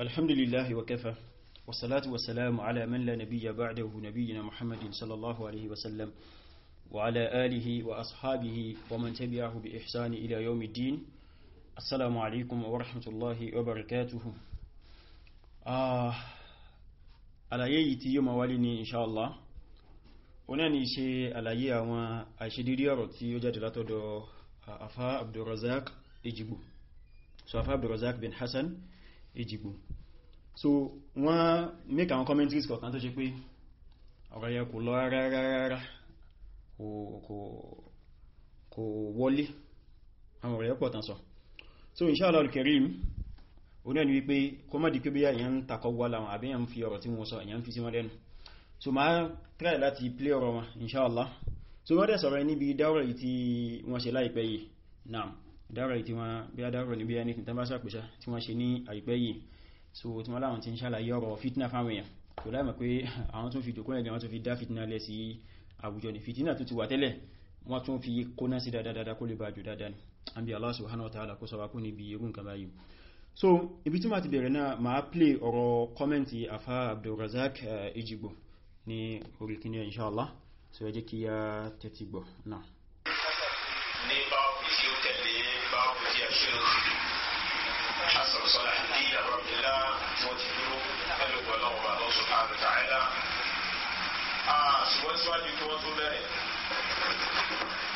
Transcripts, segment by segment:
الحمد لله وكفى والصلاة والسلام على من لا نبي بعده نبينا محمد صلى الله عليه وسلم وعلى آله وأصحابه ومن تبعه بإحسان إلى يوم الدين السلام عليكم ورحمة الله وبركاته آه على يأتي يوم وليني إن شاء الله وناني شيء على يأوى أشديري رتي يجد لاتدو أفا عبد الرزاق إجبو سوف عبد الرزاق بن حسن Ejigbo so wọ́n make àwọn commentaries kọ̀kan tó ṣe pé ọ̀rọ̀ yẹ kò lọ rárá kò wọlé àwọn ọ̀rọ̀ yẹ pọ̀ tán so inshallah al-karim oní ẹni wípé kó mọ́ di pé bíyà èyàn ń takọ wà láwọn àbí èyàn fi ọ̀rọ̀ tí wọ́n sọ èyàn fi sí wọ́n so ma try láti play ọ̀rọ̀ wọn inshallah so wọ́n dẹ̀ sọ̀rọ̀ níbi dáwọ̀rọ̀ yìí tí wọ́n ṣe láìpẹ́ yìí naam dára tí wọ́n bí a dára ní bí ẹni tàn bá sàpèsà tí wọ́n ṣe ní àìpẹ́ yìí so tí wọ́n láwọn ti ń ṣàlàyé ọ̀rọ̀ fitna fáwọn èèyàn kò láì mọ̀ pé àwọn tún fi jòkó ẹ̀lẹ́ wọ́n tún fi dá fitna lẹ̀ sí àwùjọ ní fitna tó ti wà tẹ́lẹ̀ wọ́n tún fi kóná sí dáadáa kó lè bá dáadáa ni àbí so ibi tí ma ti bẹ̀rẹ̀ náà ma play ọ̀rọ̀ kọ́mẹ́ntì afá Abdulrazak eh, Ejigbo ní orí kìíní inshallah tí wọ́n ti dúró pẹ̀lú pẹ̀lú ọ̀rọ̀ àlọ́ subhanahu wa ta'ala. ṣùgbọ́n síwájú kí wọ́n tó bẹ̀rẹ̀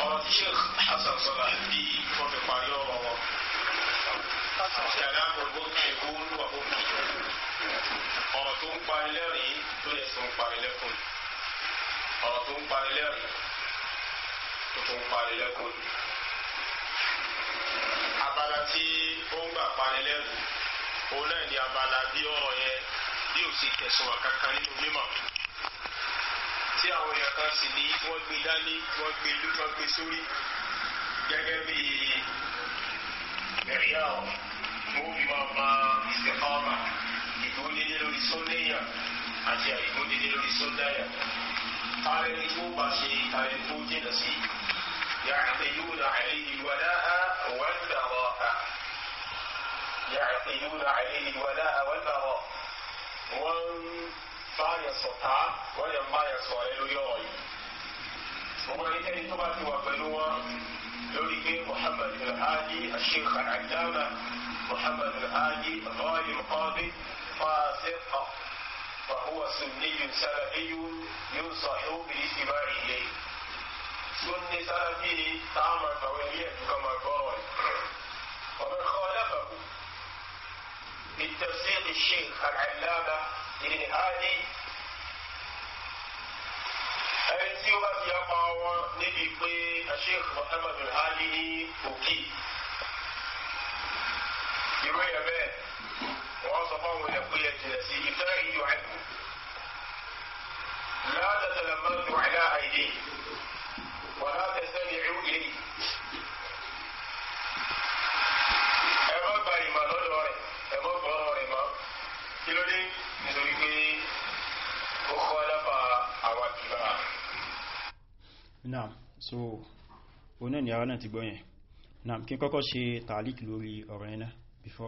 ọ̀rọ̀ tí sheikh hasan salahuddin tó fi parí ọ̀rọ̀ wọn. kàdáàbò ló ń ṣe kó lù àkókò ọ̀rọ̀ tó ń parí lẹ́rìn tó yẹ sí ń parí lẹ́kùn ọ̀rọ̀ òun náà ni abala bí ọ̀rọ̀ yẹn bí ò sì tẹ̀sùn wà kankan nínú mímọ̀ tí àwọn èèyàn kan sì ní wọ́n gbé dání wọ́n gbé lú wọ́n gbé sórí gẹ́gẹ́ bí ẹ̀ríà wọ́n fi máa ma ìsèkọ́ọ̀mà ìgbónílé lórí sọ́nẹ́yà àti àìgbónílé lórí sọ́dáyà tààrẹ ni kó bá ṣe tààrẹ kó jìnà sí yàrá ìlú àìlè ìwàdà wàdà wà á. يعطيون عليه الولاء والبراء وما يستطاع ولا ما يسوى لليوي وما يتني تباتي وفنوة محمد الهادي الشيخ العلامة محمد الهادي غالي القاضي فاسقة وهو سني سلفي ينصح بالاستماع إليه سن سلفي تعمل فوليته كما قال ومن خالفه من تفسير الشيخ العلامة ابن هادي ẹni tí ó bá ti yapa wọn níbi pé sheikh muhammad alhali ní òkè irú yẹn bẹ́ẹ̀ wọ́n sọ fún àwọn ẹ̀kú yẹn jìnnà sí ìfẹ́ ìyọ̀ ẹ̀kú láàdàtà lẹ́mọ́tò àìláàìdè wọ́n láti sẹ́ni ẹ̀rú ilé yìí. naam so oná ni ara náà ti gbọ́yẹn naam kí kọ́kọ́ ṣe tààlík lórí ọ̀rọ̀ ẹ̀nà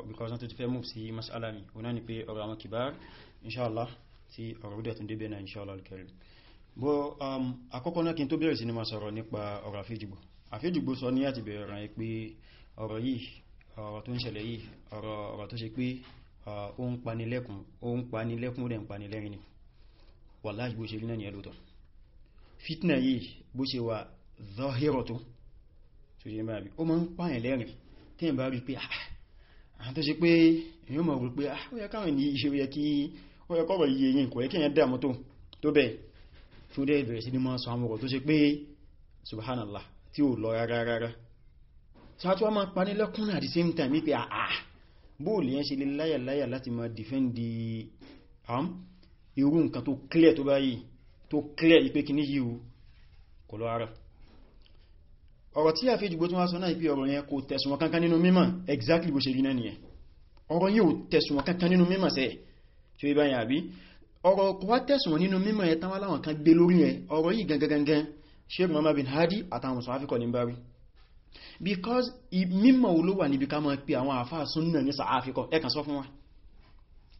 because wọ́n tó ti fẹ́ move sí masala mi oná ni pé ọ̀rọ̀ àwọn kìbár inṣáàlá tí ọ̀rọ̀ ó dẹ̀tún débẹ̀ náà inṣáàlá al-karim bó um, àkọ́kọ́ náà kí n tó bẹ̀rẹ̀ sí ni ma sọ̀rọ̀ nípa ọ̀rọ̀ àfíjìgbò àfíjìgbò sọ ní àti bẹ̀rẹ̀ ràn pé ọ̀rọ̀ yìí ọ̀rọ̀ tó ń ṣẹlẹ̀ yìí ọ̀rọ̀ tó ṣe pé ó ń panilẹ́kùn ó ń panilẹ́kùn ó dẹ̀ ń panilẹ́rin ni wà láìgbò ṣe rí náà ni eluto fitna yìí bó ṣe wà zọ́hírọ̀ tó tó ṣe máa bí ó máa ń pààyàn lẹ́rìn tí ẹ̀ bá rí pé ah, àwọn tó ṣe pé èyàn mọ̀ rí pé ah, ó yẹ káwọn yìí èyàn dà subhanallah tí ó lọ rárá rárá sáàtú a máa parí same time wípé àà ah, bóòlù yẹn ṣe lè láyàláyà láti máa defend the arm um, irú nǹkan tó clear tó báyìí tó clear ipé kì ní yíò kò lọ ara ọ̀rọ̀ tí a fi jùgbó tó wá sọ náà ipé ọ̀rọ̀ yẹn kò tẹ̀sùn kankan nínú mímọ̀ exactly bó ṣe rí náà nìyẹn ọ̀rọ̀ yìí ò tẹ̀sùn kankan nínú mímọ̀ sẹ́ tí ó ibá yẹn àbí ọ̀rọ̀ kò wá tẹ̀sùn nínú mímọ̀ ẹ̀ tán láwọn kan gbé lórí ẹ̀ ọ̀rọ̀ yìí gangan Sheikh Muhammad bin Hadi àtàwọn sọ áfíkọ̀ ní bari because mímọ̀ olówà níbi ká mọ́ pé àwọn àfáà súnnà ní sàáfíkọ̀ ẹ̀kan sọ fún wa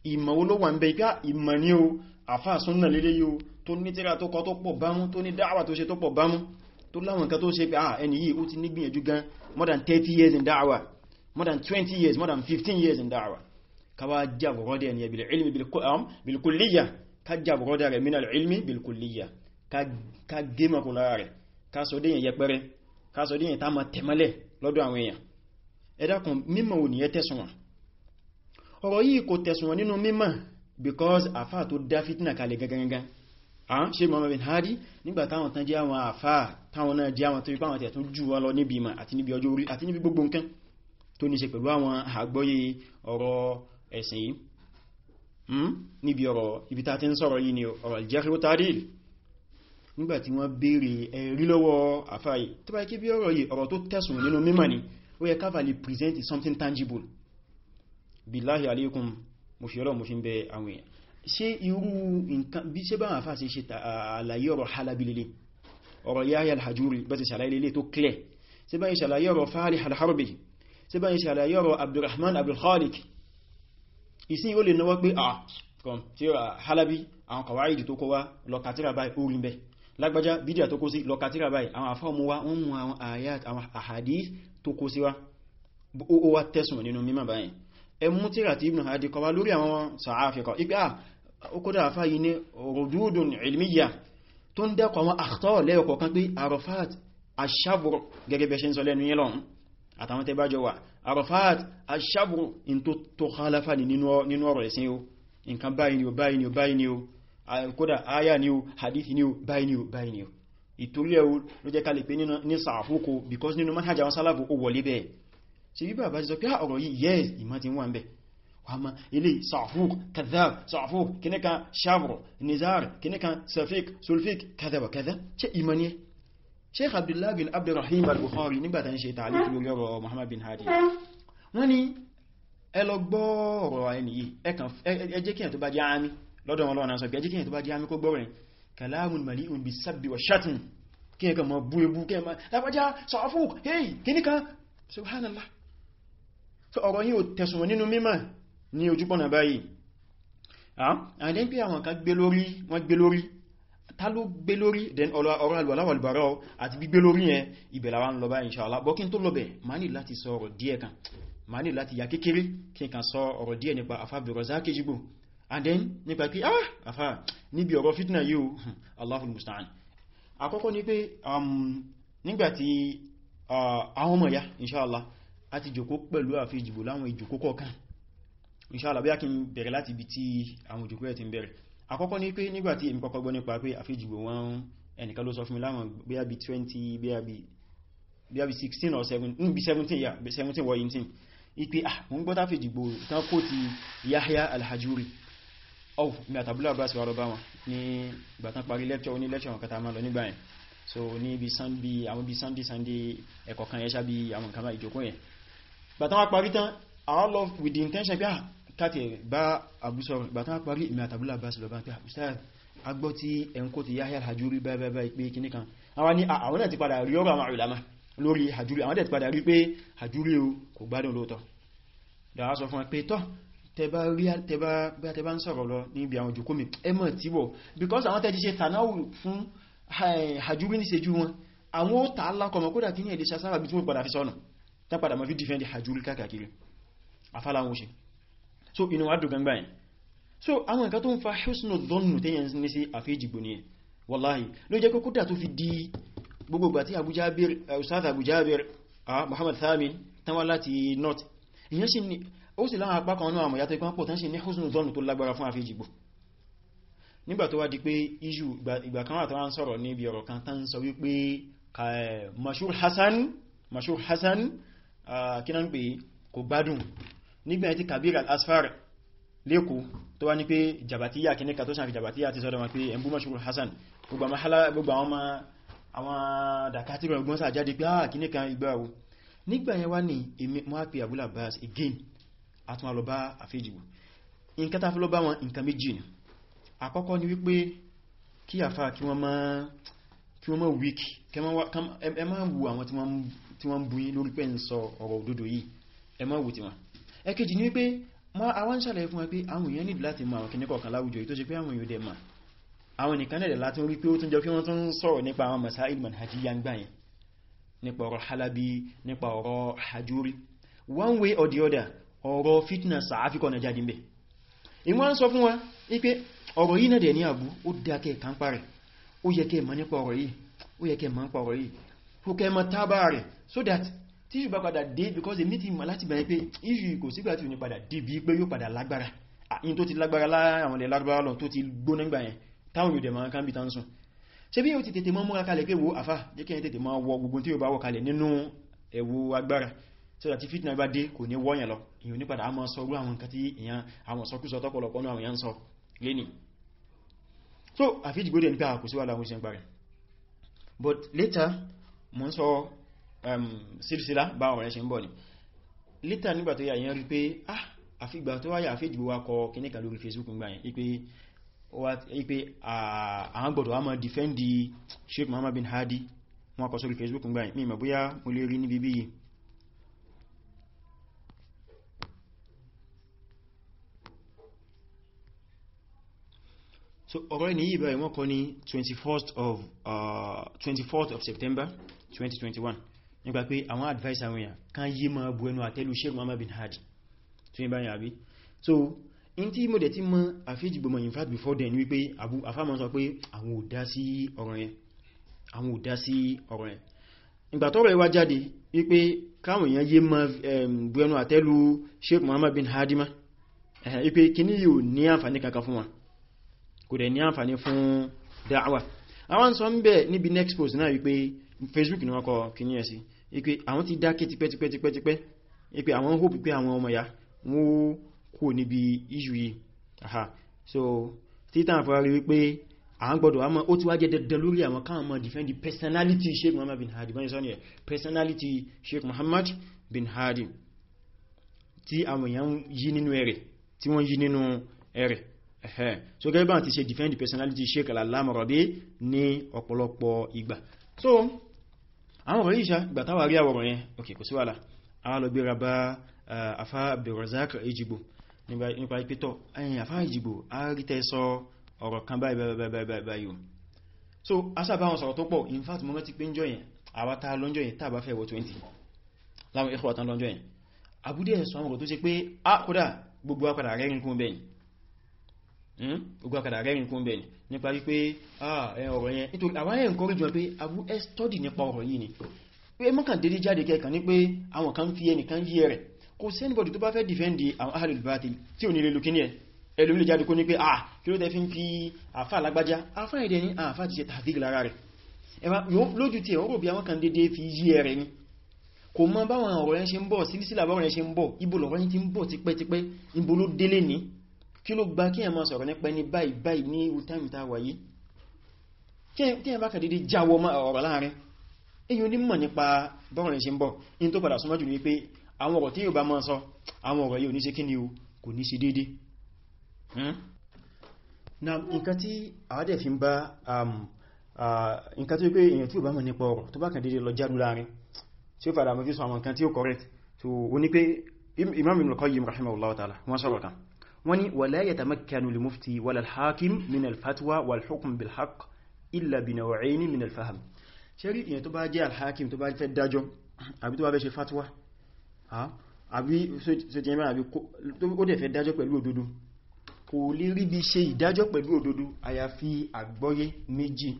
ìmọ̀ olówà ń bẹ ipá ah, ìmọ̀ ní o àfáà súnnà lélé yíò tó ní tíra tó kọ tó pọ̀ bámú tó ní dáwà tó ṣe tó pọ̀ bámú tó láwọn nǹkan tó ṣe pé ah ẹni yìí ó ti nígbìyànjú gan more than 30 years in dáwà more than 20 years more than 15 years in dáwà káwà jàbọ̀rọ̀dẹ̀ ẹni ẹbìlẹ̀ ilmi bilkulliya um, ká jàbọ̀rọ̀dẹ̀ rẹ̀ minal ilmi bilkulliya ká gẹ́mà kò lára rẹ̀ ká sọ déyàn yẹpẹrẹ ká sọ déyàn tá ma tẹ̀mọ́lẹ̀ lọ́dọ̀ àwọn èèyàn ẹ̀dàkùn mímọ̀ ò ní ẹ tẹ̀sùn wọn ọ̀rọ̀ yìí kò tẹ̀sùn wọn nínú mímọ̀ because àfà tó dá fitna kalẹ̀ gangan àwọn ṣe Muhammad bin Hadi nígbà táwọn tán jẹ́ àwọn àfà táwọn náà jẹ́ àwọn tó ipá àwọn tẹ̀ tún jù wá lọ níbi ìmọ̀ àti níbi ọjọ́ orí àti níbi gbogbo nǹkan tó ní ṣe pẹ̀lú àwọn àgbọ́yé ọ̀rọ̀ ẹ̀sìn yìí hmm? níbi ọ̀rọ̀ ibi tá ti ń sọ̀rọ̀ yìí ni ọ̀rọ̀ al-jarh wa-ta'dil nígbàtí wọ́n béèrè ẹ̀rí lọ́wọ́ àfáyì to bá kí bí ọ̀rọ̀ yìí ọ̀rọ̀ to tẹ̀sùn nínú mímọ̀ ni ó yẹ káfà lè present something tangible billahi alaikum mo fi ọlọ́run mo fi ń bẹ àwọn èèyàn ṣe irú nǹkan bí ṣe bá wọn àfáà ṣe ṣe àlàyé ọ̀rọ̀ halabilele ọ̀rọ̀ yáyà alhajjúrí bá ti ṣàlàyé lélé tó clear ṣe bá yí ṣàlàyé ọ̀rọ̀ fahari alharbi ṣe bá yí ṣàlàyé ọ̀rọ̀ abdulrahman abdulkhalik ìsìn ó lè náwọ́ pé à kan tí ó halabi àwọn kọwàáìdì tó kó wá lọ́kàtírà báyìí ó rí bẹ́ bídíà tó kó sí lọ́kàtírà báyìí àwọn àfáàmú wá ń mú àwọn àyàt àwọn àhàdí tó kó sí wá ó wá tẹ́sùn nínú mímọ̀ báyìí ẹmú tíra ti ibn hadi kọwa lórí àwọn sàáfikọ̀ ipé à ah, okódà fáyí ní rududun ilmiya tó ń dẹ́kọ̀ àwọn àtọ́ lẹ́yọkọ̀ kan pé arafat ashabur gẹ́gẹ́ bẹ́ ṣe ń sọ lẹ́nu yẹ́ lọ́n àtàwọn ni o ni o báyìí ni o kódà aya ni o hadith ni o báyìí ni o báyìí ni o ìtorí ẹ̀ o ló jẹ́ kalẹ̀ pé ní sàáfókò because nínú manhaja wọn sálàfò ó wọlé ṣe bí bàbá sọ pé à ah, ọ̀rọ̀ yìí yes ìmá ti wà ń bẹ̀ wà má ilé sàfúk kadhab sàfúk kìníkan shavro nizar kìníkan safik sulfik kadhaba kadha ṣe ìmá ni sheikh abdullahi bin abdurrahim al-bukhari nígbàtà ń ṣe tààlìkì lórí ọ̀rọ̀ muhammad bin hadi wọ́n ni ẹ lọ gbọ́ ọ̀rọ̀ ẹni yìí ẹ jẹ́ kíyàn tó bá jẹ́ àmì lọ́dọ̀ wọn lọ́nà sọ pé ẹ jẹ́ kíyàn tó bá jẹ́ àmì kó gbọ́rẹ̀ mọ̀ bú ebú kíyàn mọ̀ lápájá sọ́fúk hey kíníkan subhanallah so ọ̀rọ̀ yìí ò tẹ̀sùn nínú mímọ̀ ní ojúpọ̀nà báyìí àdẹ́ bí àwọn kan gbé lórí wọ́n gbé lórí ta ló gbé lórí den ọ̀rọ̀ alwàláwàlbàrá àti gbígbé lórí yẹn ibẹ̀ la wá ń lọ báyìí insha Allah bọ́ kí n tó lọ́bẹ̀ kan ma ní láti ya kan sọ ọ̀rọ̀ díẹ̀ nípa afá Abdurrazaq Jibo and then nípa pé ah afá níbi ọ̀rọ̀ fitna yìí Allahul musta'an àkọ́kọ́ ni pé um, nígbàtí uh, àwọn ọmọ ya insha àti jòkó pẹ̀lú àfi ìjìbò láwọn ìjòkó kọ̀ọ̀kan inshallah bí a kí n bẹ̀rẹ̀ láti ibi tí àwọn ìjòkó ẹ̀ ti ń bẹ̀rẹ̀ àkọ́kọ́ ní pé nígbàtí èmi kọ́kọ́ gbọ́ nípa pé àfi ìjìbò wọn ẹnìkan ló sọ fún mi láwọn bíyà bí 20 bíyà bí 16 or 17 hmm, bí 17 yà bí 17 ah mo ń gbọ́ táfi ìjìbò tán kó ti Yahya al-Hajuri of mi àtàbúlà bá síwárọ bá wọn ní ìgbàtán parí lecture oní so ní ibi sunday àwọn ibi sunday sunday ẹ̀kọ̀kan yẹn ṣá bí àwọn nǹkan bá ìjòkó yẹn gbàtán wá parí tán àwọn lọ with the intention pé ah, káti ẹ̀ bá àbúsọ̀rọ̀ gbàtán wá parí ìmẹ́ àtàbílà bá sílọ bá pé àbúsọ̀rọ̀ ah, agbọ́ tí ẹnkó ti Yahya al-Hajuri báyìí pé kìní kan àwọn ní ah, àwọn náà ti padà rí ọ̀rọ̀ àwọn ulama lórí Hajuri àwọn náà ti padà rí pé Hajuri o kò gbádùn lóòtọ́ dára sọ fún pé tọ́ tẹba ń sọ̀rọ̀ lọ níbi àwọn òjòkó mi ẹmọ̀ tíwọ̀ because àwọn tẹ́jí ṣe tànáwù fún eh, Hajuri níṣejú wọn àwọn ó tààlá kọmọ kódà kí ní ẹ̀lẹ́ṣà sára bí tí wọ́n padà fi sọ́nà tán padà mọ́ fi defend hajjúrí kákàkiri afáláwọn ṣe so inú wádùn gangba yìí so àwọn nǹkan tó ń fa husnu dhonnu tẹ́yẹn ní sí àfíjìgbò ní ẹ̀ wallahi ló jẹ́ kókó dà tó fi di gbogbogbà tí Abu Jabir eh, ah, Muhammad Thamin tán wá láti north ìyẹn sì ni ó sì láwọn apá kan náà àmọ̀ yàtọ̀ ìpánpọ̀ tán sì ní husnu dhonnu tó lágbára fún àfíjìgbò nígbà tó wá di pé iṣu ìgbà kan eh, Mashur Hasan Mashur Hasan kí náà ń pè kò gbádùn nígbà tí Kabir al-Asfar lẹ́kù tó wá ní pé jabatiya kí ní ka tó sàn fi jabatiya ti sọ́dọ̀ wọn pé ẹ̀mbú mashuru Hassan gbogbo àwọn dàkátìrò ọgbọ́n sàjáde pé ah kí ní kan ìgbéyàwó nígbà yẹn wá ní mọ́ àpè Abul Abbas again àtúnwà lọ bá àfíjìwò nǹkan tàfi lọ bá wọn nǹkan méjì ni àkọ́kọ́ ni wípé kí àfá kí wọ́n máa wíkì ẹ máa wù àwọn tí wọ́n tí wọ́n bú yín lórí pé ń sọ ọ̀rọ̀ òdodo yìí ẹ má wò tí wọ́n ẹ̀kejì ní pé ma àwọn ṣàlàyé fún wa pé àwọn èèyàn nílùú láti mọ àwọn kìnnì kọ̀ọ̀kan láwùjọ yìí tó ṣe pé àwọn èèyàn dẹ̀ mà àwọn nìkan náà láti rí pé ó tún jọ pé wọ́n tún sọ̀rọ̀ nípa àwọn masail manhajiyya gbà yẹn nípa ọ̀rọ̀ halabi nípa ọ̀rọ̀ hajuri one way or the other ọ̀rọ̀ fitna sàáfikọ̀ na jáde mbẹ̀ ìwọ́n sọ fún wa wípé ọ̀rọ̀ yìí náà dẹ̀ ní àbú ó dákẹ́ kan parẹ̀ ó yẹ kẹ́ mọ̀ nípa ọ̀rọ̀ yìí kò kẹmọ tábà rẹ̀ so that tí ìṣù bá padà dé because they meet him, láti bẹ̀rẹ̀ pé ìṣù kò sígbà tí ò ní padà dé bí pé yóò padà lágbára àyín tó ti lágbára láàrín ilẹ̀ lágbára lọ tó ti gbóná gbà yẹn táwọn yóò dẹ̀ máa kán bí tán sùn ṣe bí yóò ti tètè mọ́ múra kalẹ̀ pé wo àfá jẹ́ kí ẹ tètè máa wọ gbogbo tí yóò bá wọ kalẹ̀ nínú ẹ̀wù agbára so that fitna bá dé kò ní wọ́yàn lọ èyàn ní padà máa sọrú àwọn nǹkan tí èyàn àwọn sọkúsọ tọ́pọ̀lọpọ̀ náà àwọn èyàn sọ lẹ́ni so àfíjìgbódẹ̀ nípa àkùsíwà láwọn ìṣẹ́ ń parẹ̀ but later mo ń sọ um, sílsílá bá wọn rẹ̀ ṣe ń bọ̀ ni lítà nígbà tó yà yẹn rí pé ah àfígbà tó wáyà àfíjì wa kọ kíní kan lórí Facebook ń gbà yẹn ipe àwọn gbọ́dọ̀ wá máa dìfẹ́ndì Sheikh Muhammad bin Hadi wọn kọ sórí Facebook ń gbà yẹn mímọ̀ bóyá mo lè rí níbi bíi so ọ̀rọ̀ ẹni yìí báyìí wọ́n kọ ní 21st of uh, 24th of September 2021 nípa pé àwọn advice àwọn èèyàn kan yí ma bu ẹnu àtẹ́lù Sheikh Muhammad bin Hadi tí wọ́n bá yà bí so in tí mo dẹ̀ tí mọ́ àfíjìgbòmọ̀ in fact before then wípé àfáàmọ́ sọ pé àwọn ò dá sí ọ̀rọ̀ yẹn àwọn ò dá sí ọ̀rọ̀ yẹn ìgbà tó rẹ̀ wá jáde wípé káwọn èèyàn yé ma ehm, bu ẹnu àtẹ́lù Sheikh Muhammad bin Hadi ma wípé kíní yìí ò ní àǹfààní kankan fún wa kò dẹ̀ ní àǹfààní fún da'wa àwọn sọ ń bẹ̀ níbi next post náà wípé facebook ni wọ́n kọ kìíní ẹ̀ sí ipe àwọn ti dákẹ́ tipẹ́tipẹ́tipẹ́ ipe àwọn hope pé àwọn ọmọ ya wọ́n kò níbi issue yìí aha so títà àfọwárí wípé àwọn gbọdọ̀ àmọ́ ó ti wá jẹ́ lórí àwọn káwọn mọ̀ defend personality sheikh muhammad bin hadi báyìí sọ́nà personality sheikh muhammad bin hadi tí àwọn èèyàn yí nínú ẹ̀rẹ̀ tí wọ́n yí so gẹ́gẹ́ bá ti personality sheikh al-allama rabi ní ọ̀pọ̀lọpọ̀ ìgbà so àwọn ọ̀rọ̀ ìṣà gbàtàwà rí àwọ̀rọ̀ yẹn ok kò sí àwọn alọ́gbéra bá afá Abdurrazak Ejigbo nípa ìpétọ̀ ẹ̀yìn afá Ejigbo a rí tẹ́ sọ ọ̀rọ̀ kan báyìí so asábà wọn sọ̀rọ̀ tó pọ̀ in fact mo rántí pé ń jọyìn àwátá lọ́njọ́ yẹn tàbá fẹ́ Hmm? ogun akàdà rẹ̀rin kún bẹ̀ nípa wípé ah, ọ̀rọ̀ yẹn nítorí àwọn ẹ̀yẹn kọrí jùlọ pé abú ẹ́ stọ́dì nípa ọ̀rọ̀ yìí ni pé mọ́kàn dédé jáde kẹ́ẹ̀kan ní pé àwọn kan fi ẹnìkan yí rẹ̀ kò sẹ́nìbọ̀dì tó bá fẹ́ dìfẹ́ndì àwọn ahlul batil tí ò ní lè lukini ẹ̀ ẹlòmí lè jáde kó ní pé ah kí ló tẹ́ fi ń fi àfà alágbájá afá ìdẹ ní ah, àfá ti ṣe tàfíì lára rẹ̀ ẹwà lójú tí ẹ̀họ́rò bí àwọn kan dédé fi yí ẹ̀rẹ̀ ni kò mọ báwọn ọ̀rọ̀ yẹn ṣe ń bọ̀ sílísílà báwọn yẹn ṣe ń bọ̀ ibo lọ̀rọ̀ yẹn kí ló gba kí ẹ máa sọ̀rọ̀ nípa ẹni báyìí báyìí ní irú táìmì tá wà yìí kí ẹ bá kà dédé jáwọ́ ọ̀rọ̀ láàrin èyí onímọ̀ nípa bọ́rọ̀ ìṣẹ́ ń bọ̀ in tó padà súnmọ́ ní pé àwọn ọ̀rọ̀ tí yóò bá máa sọ àwọn ọ̀rọ̀ yóò ní kí ni o kò ní ṣe dédé hmm? na nǹkan tí àádẹ́ fi ń bá um, nǹkan tó pé èyàn tí ò bá mọ̀ nípa ọ̀rọ̀ tó bá kàn dédé lọ jánu láàrin tí ó ta'ala wọ́n sọ̀rọ̀ kan wani wala yatamakkanu limufti wala alhakim min alfatwa wal hukm bil haqq illa bi naw'ayn min alfahm sheri iyan tó bá jẹ́ alhakim tó bá fẹ́ dájọ́ àbí tó bá fẹ́ ṣe fatwa àbí so àbí ó dẹ̀ fẹ́ dájọ́ pẹ̀lú òdodo kò lè rí bí ṣe ìdájọ́ pẹ̀lú òdodo àyàfi àgbọ́yé méjì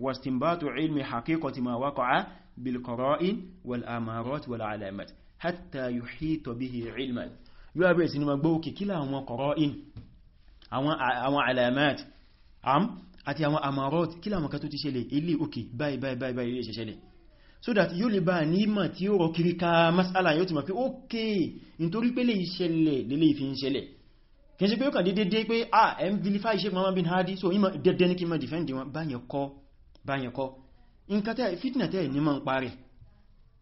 واستنباط علم حقيقة ما وقع بالقرائن والآمارات والعلامات حتى يحيط به علما yóò bẹ̀rẹ̀ sí ni ma gbọ́ òkè kí láwọn kọ̀rọ̀in àwọn alamat àti àwọn amarot kí láwọn kan tó باي باي ilé òkè báyìí báyìí so that yóò lè bá ní ìmọ̀ tí ó rọ kiri ka masala yóò ti ma pé ókè nítorí pé lè ṣẹlẹ̀ lè fi ń ṣẹlẹ̀ kìí ṣe pé ó kàn ah m vilify sheik Muhammad bin Hadi so ìmọ̀ dẹ́dẹ́ ní kí ma defend wọn báyẹ̀ kọ́ báyẹn kọ́ nǹkan tẹ́ fitna tẹ́ ní mọ́ ń parẹ̀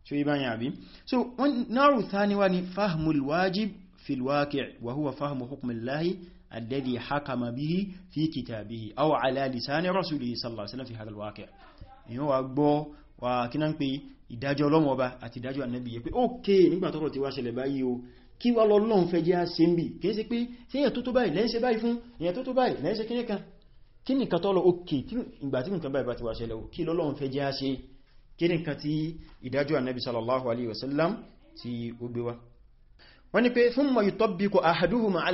tí ó yí báyẹn àbí so wọ́n náàrù thániwá ni fahmul wajib fil waqi' wa huwa fahmu hukmillahi alladhi hakama bihi fi kitabihi aw ala lisani rasulihi sallallahu alaihi wasallam fi hadha alwaqi' èyàn wà gbọ́ wà kí náà ń pe ìdájọ́ ọlọ́mọ ọba àti ìdájọ́ ànábì yẹ pé ókè nígbàtọ́rọ̀ tí wá ṣẹlẹ̀ báyìí o kí wá lọ́lọ́run fẹ́ jẹ́ àṣẹ́mbì kìí ṣe pé ṣe èyàn tó tó báyìí lẹ́yìn báyìí fún èyàn tó tó báyìí lẹ́yìn ṣe kíní kan kí ni nǹkan tọ́lọ òkè ìgbà tí nǹkan báyìí bá ti wá ṣẹlẹ̀ kí lọ́lọ́run fẹ́ jẹ́ á ṣe kí ni nǹkan tí ìdájọ́ ànábì sallallahu alaihi wasallam tí ó gbé wá wọ́n ní pé thumma yutabbiqu ahaduhuma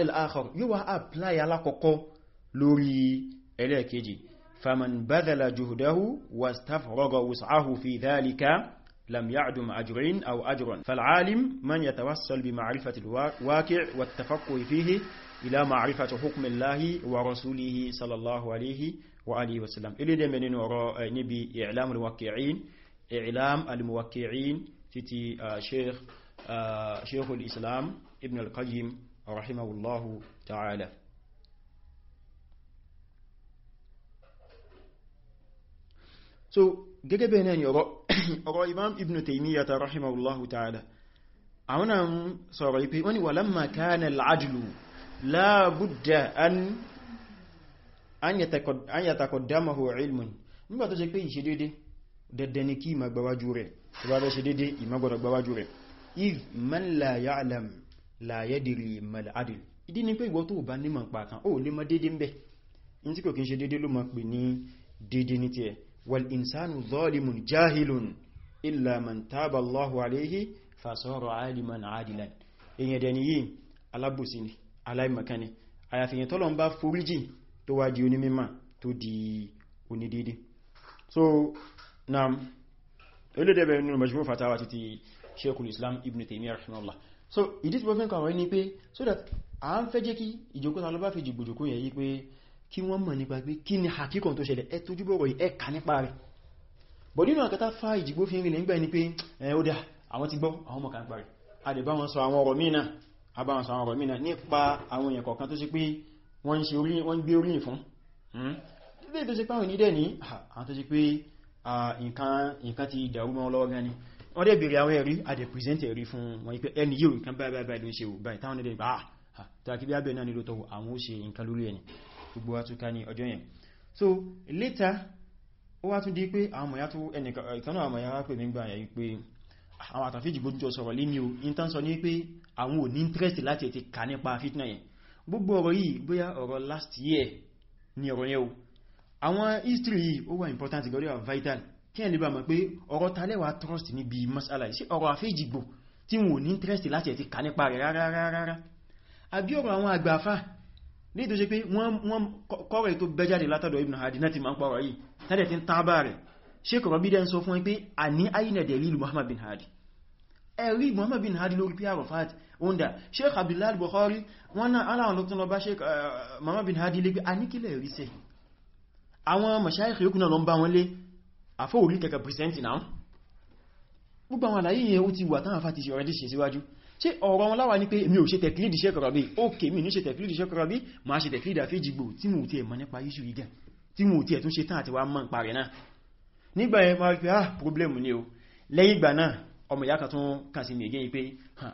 ala al لم يعدم أجرين أو أجرا فالعالم من يتوسل بمعرفة الواقع والتفقه فيه ila ma'rifati hukmi Allahi wa rasulihi sallallahu alayhi wa alihi wa sallam ili de menin ọ̀rọ̀ níbi i'lam al waqi'in i'lam al-muwaqqi'in títí sheikh sheikh al-islam ibn al-qayyim rahimahullahu ta'ala so gẹ́gẹ́ benen yoro ọ̀rọ̀ imam ibn taymiyah rahimahullahu ta'ala awana so ipe wọ́n ni walamma kana al-adlu la budda an an yataqaddamahu ilmun nígbà tó ṣe pé ìṣe dédé dandan ni kí ìmọ̀ gbáwájú rẹ̀ tó bá bẹ́ ṣe dédé ìmọ̀ gbọ́dọ̀ gbáwájú rẹ̀ if man la ya'lam la yadri mal adil ìdí ni pé ìwọ tó bá nímọ̀ pa kan ó lè mọ̀ dédé ń bẹ̀ in tí kò kí ń ṣe dédé ló mọ̀ pè ní dédé ní tiẹ̀ wal insanu zalimun jahilun illa man taba Allahu alayhi fasara aliman adilan èyàn dẹni yìí alábòsí ni aláìmọ̀kánni àyàfihàn tọ́lọ̀ ń bá foríjì tó wá di onímímà tó di onídédé so na olóòdẹ́bẹ̀ nínú majmu' fatawa ti ti sheikhul islam ibn taymiyyah so ìdí tí wọ́n fẹ́ kàwọ́ so that a ń fẹ́ jẹ́ kí ìjókòó alọ́bá fi jùgbòjòkó yẹ̀ ni àkíkàn tó ṣẹlẹ̀ ẹ tójúbọ̀rọ̀ ẹ kà nípa rẹ̀ bọ̀ nínú àkátá fa ìjìgbófin rìn lẹ́gbẹ̀ẹ́ ni pé ẹ̀ ó dà àwọn ti gbọ́ àwọn mọ̀kà ń parí a dẹ̀ bá wọn sọ àwọn ọ̀rọ̀ míì abáwọn sàwọn ọ̀rọ̀ mìíràn nípa àwọn èèyàn kọ̀ọ̀kan tó sì pé wọ́n ń ṣe orí wọ́n ń gbé orí fún ilé hmm? tó sì pé àwọn onídẹ̀ ní ah, àwọn tó sì pé ah, nǹkan ti dàrú mọ́ lọ́wọ́ gan ni wọ́n dẹ̀ bèèrè àwọn ẹ̀rí àdẹ̀ pìrìsẹ́ntì ẹ̀rí fún wọn pé ẹni yóò nǹkan báyìí báyìí ló ń ṣe ò báyìí táwọn onídẹ̀ bá ah, tàbí bí abẹ́ náà nílò tọ́wọ́ àwọn ó ṣe nǹkan lórí ẹni gbogbo wa tún ká ní ọjọ́ yẹn so later ó wá tún di pé àwọn ọmọ ya tó ẹnìkan náà àwọn ọmọ ya wá pè mí gbà yẹ pé àwọn àtàfíjì gbójújọ sọ̀rọ̀ lé ní o in tán sọ ní pé àwọn ò ní interest láti ti kà nípa fitna yẹn gbogbo ọ̀rọ̀ yìí bóyá ọ̀rọ̀ last year ni ọ̀rọ̀ yẹn o àwọn history yìí ó wà important gọ́dọ̀ wà vital kí ẹ̀ lè bá mọ̀ pé ọ̀rọ̀ talẹ́wà trust níbi masala sí ọ̀rọ̀ àfẹ́jìgbò tí wọn ò ní interest láti ẹ̀ ti kà nípa rẹ̀ rárá àbí ọ̀rọ̀ àwọn àgbàfà ní tó ṣe pé wọ́n kọ́rọ̀ ètò bẹ́jáde látọ̀dọ̀ Ibn Hadi náà ti máa ń pọ̀rọ̀ yìí tẹ́lẹ̀ ti ń tábà rẹ̀ ṣe kọ̀rọ̀ bí dẹ́ ń sọ fún pé àní ayinadẹ̀ lílu Muhammad bin Hadi ẹ̀rí Muhammad bin Hadi lórí pé Arafat oúnjẹ Sheikh Abdullah al-Bukhari wọ́n náà aláwọn lọ́tún lọ bá Sheikh eh, Muhammad bin Hadi lé pé a ní kílẹ̀ rí sẹ́ àwọn mashayikh yóò kúnnà lọ ń bá wọn lé àfọ́ orí kẹkẹ pìrìsẹ́ntì náà gbogbo àwọn àlàyé yẹn ó ti wà táwọn fàtí ṣe ọ̀rẹ́dì ṣe síwájú ṣe ọ̀rọ̀ wọn láwà ní pé mi ò ṣe tẹ̀klìdì Sheikh Rabi ókè mi ní ṣe tẹ̀klìdì Sheikh Rabi ma ṣe tẹ̀klìdì àfíjìgbò tí mo ti ẹ̀mọ́ nípa yíṣù yígẹ̀ tí mo ti ẹ̀tún ṣe tán àti wá mọ́ ń parẹ̀ náà nígbà ẹ̀ máa rí pé ah problem ni o lẹ́yìn ìgbà náà ọmọ ìyá kan tún kàn sí mi again pé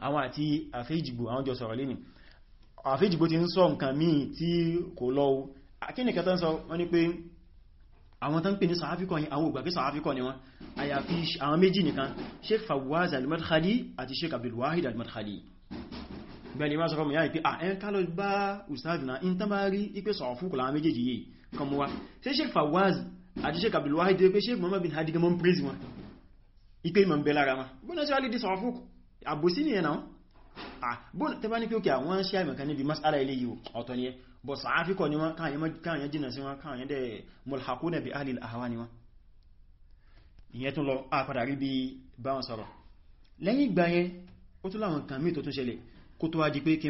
àwọn àti àfẹ́jìgbò àwọn jọ sọ̀rọ̀ lẹ́nìí àfẹ́jìgbò ti ń sọ nǹkan míì tí kò lọ akíni kẹta ń sọ wọ́n ní pé àwọn tán pè ní sàáfíkọ́ ni àwọn ògbàgbé sàáfíkọ́ ni wọ́n àyàfi àwọn méjì nìkan Sheikh Fawaz al-Madkhali àti Sheikh Abdulwahid al-Madkhali bẹ́ẹ̀ni wá sọ fọ́mù yá ìpé àẹ́n kálọ̀ bá ustaz na in tán bá rí ipé sọ̀rọ̀ fún kùlà méjèèjì yìí kan mú wá Sheikh Fawaz àti Sheikh Abdulwahid pé ipe ìmọ̀ ma. lára wọn bó naturally dis àwọn fúkù àbòsí ni ẹ̀nà bó tẹ́bá ní pé òkè àwọn ṣe àìmọ̀kan níbi masala ilé yìí ọ̀tọ̀ ni ẹ bọ̀ sàáfíkọ̀ ni wọ́n káàyàn jìnà sí wọn káàyàn dẹ̀ mulhakuna bi ahli ni wọ́n ìyẹn tún lọ àpàdà rí bí bá wọn sọ̀rọ̀ lẹ́yìn ìgbà yẹn ó tún láwọn kan mí tó tún ṣẹlẹ̀ kó tó wá di pé kí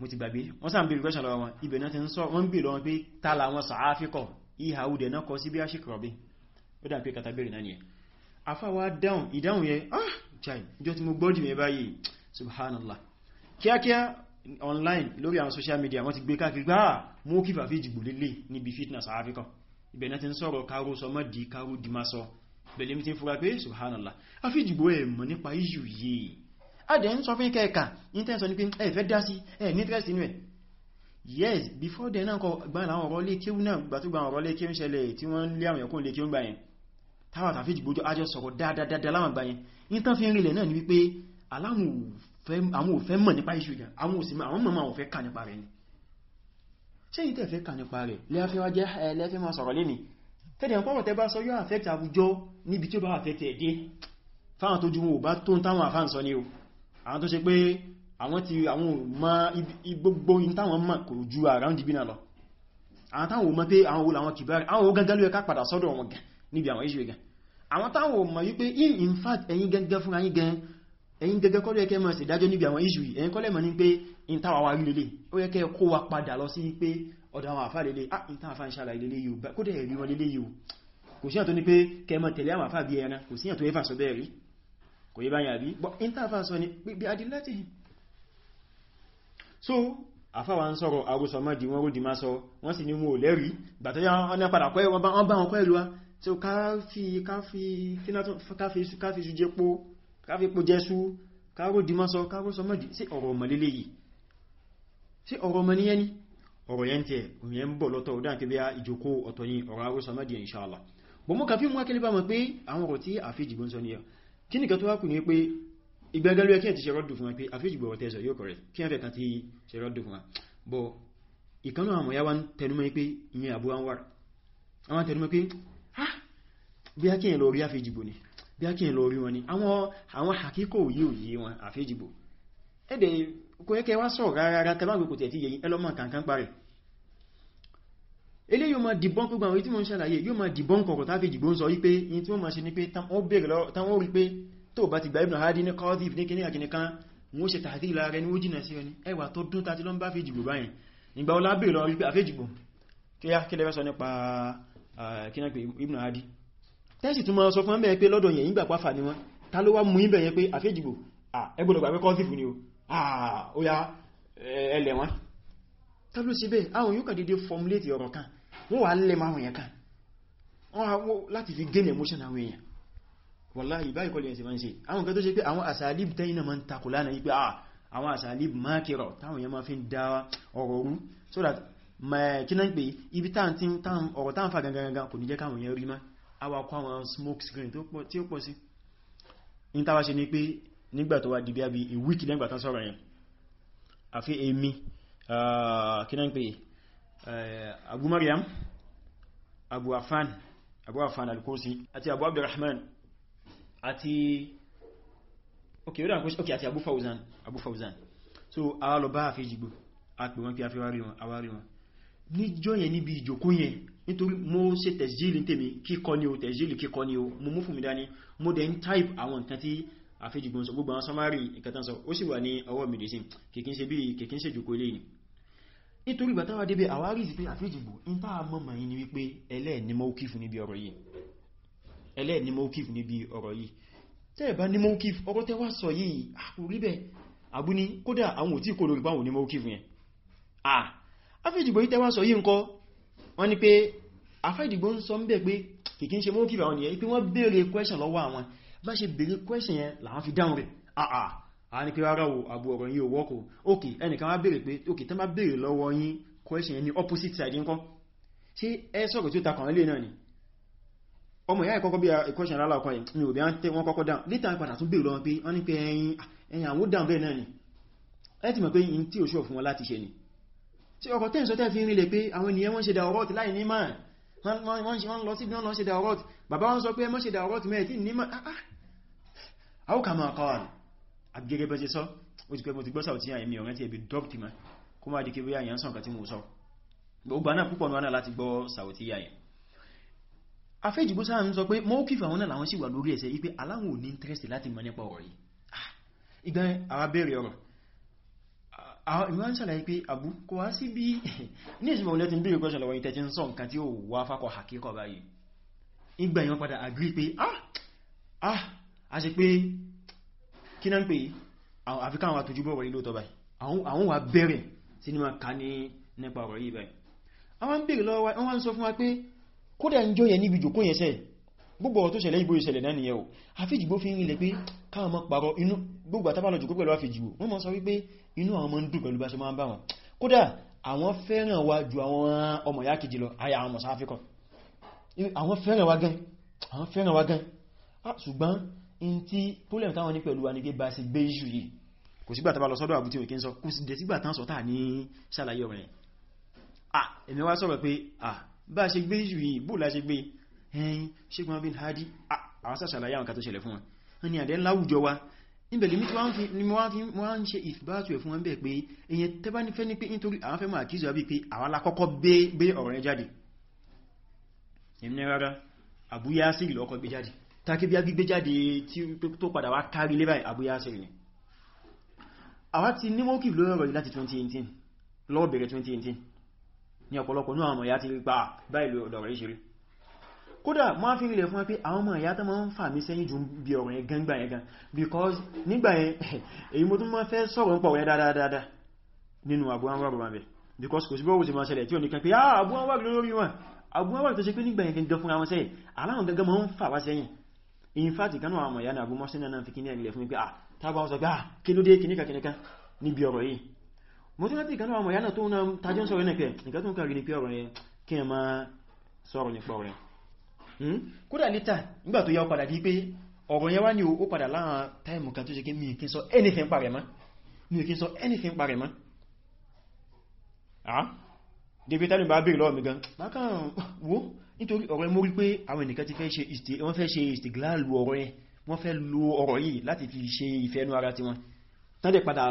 mo ti gbàgbé wọ́n sáà ń bèèrè question lọ́wọ́ wọn ibẹ̀ náà ti ń sọ wọ́n ń bèèrè lọ́wọ́ pé tààlà wọn sàáfíkọ̀ ìhà òdẹ̀ náà kọ sí bí aṣíkọ̀ rọ̀bí ó dà pé kàtà bèèrè náà ni afáwà dáhùn ìdáhùn yẹ ah jai jọ tí mo gbọ́dì mẹ́ báyìí subhanallah online lórí àwọn social media wọ́n ti gbé káàkiri gbá ah, mú kí fàfí ìjìgbò lélẹ̀ níbi fitness àáfíkọ̀ ibẹ̀ náà ti di káró di máa sọ bẹ̀lẹ́mí ti subhanallah afíjìgbò ẹ̀ mọ̀ nípa ìjù adẹ̀ ń sọ fún ikẹ́ ẹ̀kà ní tẹ́sọ ní pé ẹ fẹ́ dá sí ẹ ní interest inú ẹ̀ yes before then náà kọ gbá àwọn ọ̀rọ̀ lé kéwú náà gbà tó gbà ọ̀rọ̀ lé kéwú ṣẹlẹ̀ tí wọ́n lé àwọn ẹ̀kùn lé kéwú gbà yẹn táwà tàfí ìjìgbójọ́ ajọ́ sọ̀rọ̀ dáadáa láwọn gbà yẹn ní tán fi ń rilẹ̀ náà ni wípé àwọn ò fẹ́ mọ̀ nípa iṣu ìjà àwọn òsì àwọn mọ̀ àwọn fẹ́ kà nípa rẹ̀ ni ṣé yìí tẹ́ fẹ́ kà nípa rẹ̀ lẹ́fẹ́ máa sọ̀rọ̀ lé mi tẹ́lẹ̀ ọ̀pọ̀rọ̀ tẹ́ bá sọ yóò affect àwùjọ níbi tí ó bá affect ẹ̀dẹ́ fáwọn tó ju wọn ò bá tó ń táwọn àfáǹsọ ni o àwọn tó ṣe pé àwọn ti àwọn ma gbogbo ìtàwọn mọ̀ kò ju around ibi náà lọ àwọn táwọn mọ̀ pé àwọn wo làwọn kìbára àwọn wo gangan ló ká padà sọ́dọ̀ wọn gan níbi àwọn iṣu gan àwọn táwọn ma wípé in in fact ẹ̀yin gangan fún ayín gan ẹ̀yin gangan kọ́ ló yẹ kẹ́ mọ̀ sí ìdájọ́ níbi àwọn in táwa wa rí lélẹ̀ ó yẹ kẹ́ kó wa padà lọ sí ah, in táwọn àfà ń ṣàlàyé lélẹ̀ yìí kó dẹ̀ rí wọn lélẹ̀ yìí kò síyàn tó ní pé kẹ́ mọ̀ tẹ̀lé àwọn àfà bí ẹran kò yí báyìí àbí bọ́ ìntàfà sọ ni bí adìláti so afáwà ń sọ̀rọ̀ arúsọ mọ́ di wọ́n rú di máa sọ wọ́n sì ní mú lẹ́rí gbàtọ́yà ọ́nà padà pẹ́ wọ́n bá wọn pẹ́ lúwa tí ó káfí sujé pó káfí pó jésù káró di máa sọ káró sọ mọ́dí sí ọ̀rọ̀ ọmọ lílé yìí sí ọ̀rọ̀ ọmọ níyẹn ni ọ̀rọ̀ yẹn tẹ́ òyìn ń bọ̀ lọ́tọ̀ ọdá kébé ìjókòó ọ̀tọ̀ yìí ọ̀rọ̀ arúsọ mọ́dí inṣáàlá bọ̀ mú kàfí mú akẹ́lẹ́bà mọ̀ pé àwọn ọ̀rọ̀ tí àfíjì gbọ́n sọ nìyẹn kí nìkan tó wá kù ní pé ìgbẹ̀gẹ̀lú ẹkẹ́ ti ṣẹ̀rọ̀dù fún wa pé àfíjìgbọ̀ ọ̀tẹ́sọ̀ yóò kọ̀rẹ̀ kí ẹ̀fẹ́ kan ti ṣẹ̀rọ̀dù fún wa bọ̀ ìkanú àwọn ya wá ń tẹnumọ́ pé ìyẹn àbú anwar àwọn tẹnumọ́ pé ah bí a kí lọ rí àfíjìgbò ni bí a kí ẹ̀ lọ rí wọn ni àwọn àkíkò yìí ò yé wọn àfíjìgbò ẹ̀dẹ̀ kò yẹ wá sọ̀rọ̀ rárá tẹ́bàgbé kò tẹ̀ tí yẹ ẹlọ́mọ̀ kankan parẹ̀ eléyìí yóò máa dìbọn pípa àwọn tí mo ń ṣàlàyé yóò máa dìbọn kọ̀kọ̀ tá fi dìbọn sọ wípé in tí wọ́n máa ṣe ní pé táwọn bèèrè lọ táwọn rí pé tó bá ti gba Ibn Hadi ní cardiff ní kíní àkíní kan wọ́n la tààtí ìlà rẹ̀ ní ó jìnà sí ọ ní ẹwà tó dún tàti lọ́n bá fi jìgbò báyìí ìgbà ọlá bèèrè lọ rí pé àfẹ́ jìgbò kí á kílẹ̀ sọ nípa kíná pé Ibn Hadi tẹ́sì tún máa sọ pe ẹgbẹ́ pé lọ́dọ̀ yẹn ìgbà pàfà ni wọ́n ta ló wá mú ìbẹ̀ yẹn pé àfẹ́ jìgbò ẹgbọ́dọ̀ gbà pé cardiff ni o ó yá ẹlẹ̀ wọn ta ló ṣe bẹ́ẹ̀ àwọn yóò kàn formulate ọ̀rọ̀ kan wọ́n wà lè máa wọ̀nyẹ̀ kan láti fi gain emotion àwọn èèyàn wallahi báyìí kọ́lẹ̀ ẹ̀sẹ̀ máa ń ṣe àwọn kan tó ṣe pé àwọn asalib tẹ́yìnà máa ń takò lánàá yí pé ah, àwọn asalib makiro táwọn èèyàn máa fi ń dá ọ̀rọ̀ so that kí náà ibi ọ̀rọ̀ táwọn fa gangan kò ní jẹ́ káwọn èèyàn rí smoke screen tí ó pọ̀ sí in tàbá ṣe ni pé nígbà tó wá dìbí àbí a week Eh, abu maryam abu afan abu afan al-kursi àti abu abdurrahman àti ok ó dáa kó ok àti abu Fawzan, abu Fawzan. so a lọ bá àfi jìgbò a pè wọ́n pé a fi wárí wọn àwárí wọn níjọ́ yẹn níbi ìjòkó yẹn nítorí mo ṣe tẹ̀sílì tèmi kíkọ́ ni o tẹ̀sílì kíkọ́ ni o mo mú fún mi dání mo den ń type àwọn nǹkan tí àfẹ́jìgbọ́n sọ gbogbo àwọn sọmárì ìkàtànsọ ó sì wà ní ọwọ́ mi dìsín kìkín ṣe bí kìkín ṣe jòkó lẹ́yìn nítorí ìgbà táwà débẹ̀ àwárí sí pé àfíjìgbò in táà mọ́ mọ̀ yìí ni wípé ẹlẹ́ẹ̀ni mawqif níbi ọ̀rọ̀ yìí ẹlẹ́ẹ̀ni mawqif níbi ọ̀rọ̀ yìí tẹ́ẹ̀bá ní mawqif ọ̀rọ̀ tẹ́wà sọ yìí àkùríbẹ̀ àbúní kódà àwọn òtí kò lórí báwọn ní mawqif yẹn àfíjìgbò yìí tẹ́wà sọ yìí ńkọ́ wọ́n ní pé àfíjìgbò ń sọ ń question lọ́wọ́ àwọn bá ṣe béèrè question yẹn làwọn fi dáhùn rẹ̀ a ní pé rárá o àbò ọ̀rọ̀ yìí ò wọ́kù òkè ẹnìkan wá béèrè pé òkè tán bá béèrè lọ́wọ́ yín question yẹn opposite side ńkọ́ ṣé ẹ sọ̀rọ̀ tí ó takàn lè náà ni ọmọ ìyá ìkọ́kọ́ bí i question rárá ọkọ̀ yìí òbí án tẹ́ wọ́n kọ́kọ́ dáhùn later padà tún béèrè lọ́wọ́ pé wọ́n ní pé ẹyin ẹyin àwọn dáhùn bẹ́ẹ̀ náà ni ẹ ti mọ̀ pé yìí tí ò ṣọ́ fún wọn láti ṣe ni tí ọkọ̀ tẹ́ ń sọ tẹ́ fi rinlẹ̀ pé àwọn ènìyàn wọ́n ṣe da ọ̀rọ̀ láì ní máa wọ́n lọ sí bí wọ́n agẹ́gẹ́ bẹ́ ṣe sọ ó ti pẹ́ mo ti gbọ́ Saoty àìmì ọ̀rẹ́ tí ẹbí dọ́pì ma kó máa dìkẹ́ bóyá yẹn sàn kan tí mo sọ gbogbo náà púpọ̀ náà láti gbọ́ Saoty àyẹ̀ afẹ́jìgbó sáà ń sọ pé mọ́ kí fàwọn náà làwọn sì wà lórí ẹsẹ̀ wípé aláwọn ò ní interest láti mọ̀ nípa ọ̀rọ̀ yìí ah, ìgbà ara bèèrè ọ̀rọ̀ ìwọ́n ah, sàlàyé pé ah, a ṣe kí náà ń pè yí àfikà àwọn àtòjúbọ̀ wọ̀rí lóòtọ́ báyìí àwọn wà bẹ̀rẹ̀ sí ni ma ká ní nípa ọ̀rọ̀ yìí báyìí àwọn ń bèèrè lọ́wọ́ wọ́n ń sọ fún wa pé kódà ń jọ yẹn níbi jòkó yẹn sẹ́ gbogbo ọ̀rọ̀ tó ṣẹlẹ̀ ìbò ìṣẹ̀lẹ̀ náà nìyẹn o àfíjì gbó fi ń rinlẹ̀ pé káwọn mọ́ parọ́ inú gbogbo àtàbàlọ̀ jòkó pẹ̀lú àfíjì wò wọ́n mọ́ sọ wípé inú àwọn mọ́ ń dùn wa ju àwọn ọmọ ìyá kejì lọ àyà àwọn mọ̀sáfíkọ̀ àwọn fẹ́ràn wa gan ah, ṣùgbọ́n in ti problem táwọn ní pẹ̀lú wa ní pé bá sí gbé iṣu yìí kò sígbà tàbà lọ sọ́dọ̀ àbútí òkè ń sọ kò sí dẹ̀sígbà tán sọ táà ní ṣàlàyé ọ̀rẹ́ ah èmi wá sọ̀rọ̀ pé ah bá ṣe gbé iṣu yìí bóòlá ṣe gbé ẹ̀yìn ṣégun bin hadi ah àwọn sàṣàlàyé àwọn kàtó ṣẹlẹ̀ fún wọn wọn ni àdẹ́ láwùjọ wa níbẹ̀ lèmi tí wọ́n ń ṣe ìfìbáàtù ẹ̀ fún wọn bẹ̀ pé èyàn tẹ́bá nífẹ́ ní pé nítorí àwọn gbé jáde tàkí bí agbígbé jáde tó padà wá kárí lébà àbúyá sẹ́rì ni àwa ti ní mọ́kì lórí ọ̀rọ̀ yìí láti 2018 lọ́wọ́ bẹ̀rẹ̀ 2018 ní ọ̀pọ̀lọpọ̀ ní àwọn ọmọ ìyá ti rí pa ah, báyìí lọ́rọ̀ ìṣeré kódà mọ́ fi rílẹ̀ fún ẹ pé àwọn ọmọ ìyá tó máa ń fà mí sẹ́yìn jù bí ọ̀rọ̀ yẹn gan yẹn gan because nígbà yẹn èyí mo tún máa fẹ́ sọ̀rọ̀ ń pọ̀ rẹ̀ dáadáa nínú àbúwárọ̀ wọn bẹ̀ because kò sí bọ́wọ́ sí máa ṣẹlẹ̀ tí ò ní kan pé àbúwárọ̀ ah, lórí wọn àbúwárọ̀ tó ṣe pé nígbà yẹn gan fún àwọn sẹ́yìn aláwọn gangan máa ń fà wá sẹ́yìn in fact kanu àwọn ya na Abu Muhsin náà fi kíní ẹ̀lẹ̀ fún ah tàbí ọ̀sọ̀ gbá kí ló dé kíníkà kíníkà ọrọ ọ̀rọ̀ yìí mo tí láti ya na tó náà um, tajọ́ sọ̀rọ̀ náà nke nǹkan tó ka kàrí ní pé ọ̀rọ̀ yẹn kí ẹ máa sọ̀rọ̀ nípa ọ̀rẹ́ hmm? kódà lítà ya kan nítorí ọ̀rọ̀ ẹ mú pé àwọn ènìyàn ti fẹ́ ṣe wọ́n fẹ́ ṣe ìstìglá lu ọ̀rọ̀ ẹ wọ́n fẹ́ lo ọ̀rọ̀ yìí láti fi ṣe ìfẹ́ ara tiwọn tọ́dẹ̀ padà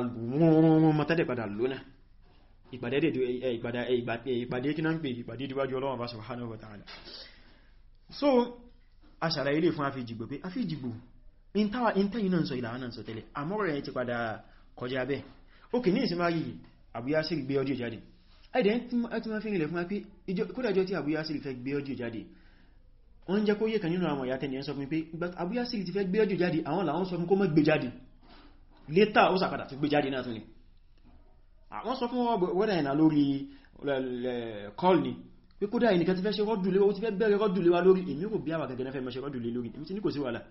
padà lónà so a ṣàrà ilé fún afi jìgbò pé afi jìgbò intẹ́yìn náà sọ ìlànà náà sọ tẹ́lẹ̀ àmọ́rẹ̀ ti padà kọjá bẹ́ẹ̀ ok ẹ̀dẹ̀ ẹ̀tún ma fi rìnlẹ̀ fún wa pé kódàjọ́ tí Abu Yasir fẹ́ gbé ọjọ́ jáde wọ́n jẹ́ kó yẹ kan nínú àwọn ìyàtẹ̀ nìyàn sọ fún pé Abu Yasir ti fẹ́ gbé ọjọ́ jáde àwọn làwọn sọ fún kó mọ́ gbé jáde létà ó sàpadà tó gbé jáde náà tún ni àwọn ah, sọ fún wọ́dà ìnà lórí kọl ni pé kódà ìnìkan ti fẹ́ ṣe rọ́dùlé ó ti fẹ́ bẹ̀rẹ̀ rọ́dùlé wa lórí èmi kò bí àwọn gẹ̀gẹ̀ náà fẹ́ mọ́ ṣe rọ́dùlé lórí èmi ti ní kò sí wàhálà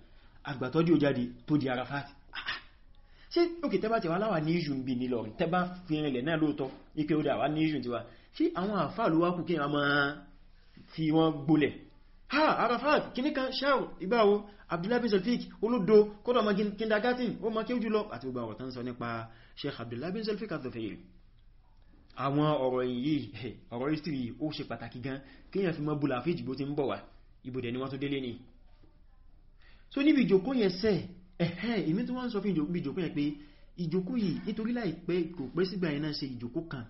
àgbàtọ́jú jáde tó di Arafat ah, ṣe òkè tẹ́bá ti wá láwà ní ìṣù ń bí nílọ tẹ́bá fi rìnlẹ̀ náà lóòtọ́ ipé ó dáwà ní ìṣù ti wá ṣí àwọn àfáà kí a máa fi wọ́n gbolẹ̀ ha arafat kìní kan ṣáàrù ìgbàwo abdullahi bin zulfiq olódo kódà ọmọ kindergarten ó mọ kí ó jùlọ àti gbogbo ọ̀rọ̀ tán sọ nípa sheikh abdullahi bin zulfiq àtọ̀fẹ̀yìn àwọn ọ̀rọ̀ yìí ọ̀rọ̀ history ó ṣe pàtàkì gan kíyàn fi mọ́ bùlà fíjì bó ti ń bọ̀ wá ibòdẹ̀ ni wọ́n tó délé ni so níbi ìjòkó yẹn sẹ́ẹ̀ ẹ̀hẹ́ ìmí tí wọ́n sọ fún ìjòkó yẹn pé ìjòkó yìí nítorí láìpẹ́ kò pẹ́ sígbà iná ṣe ìjòkó kan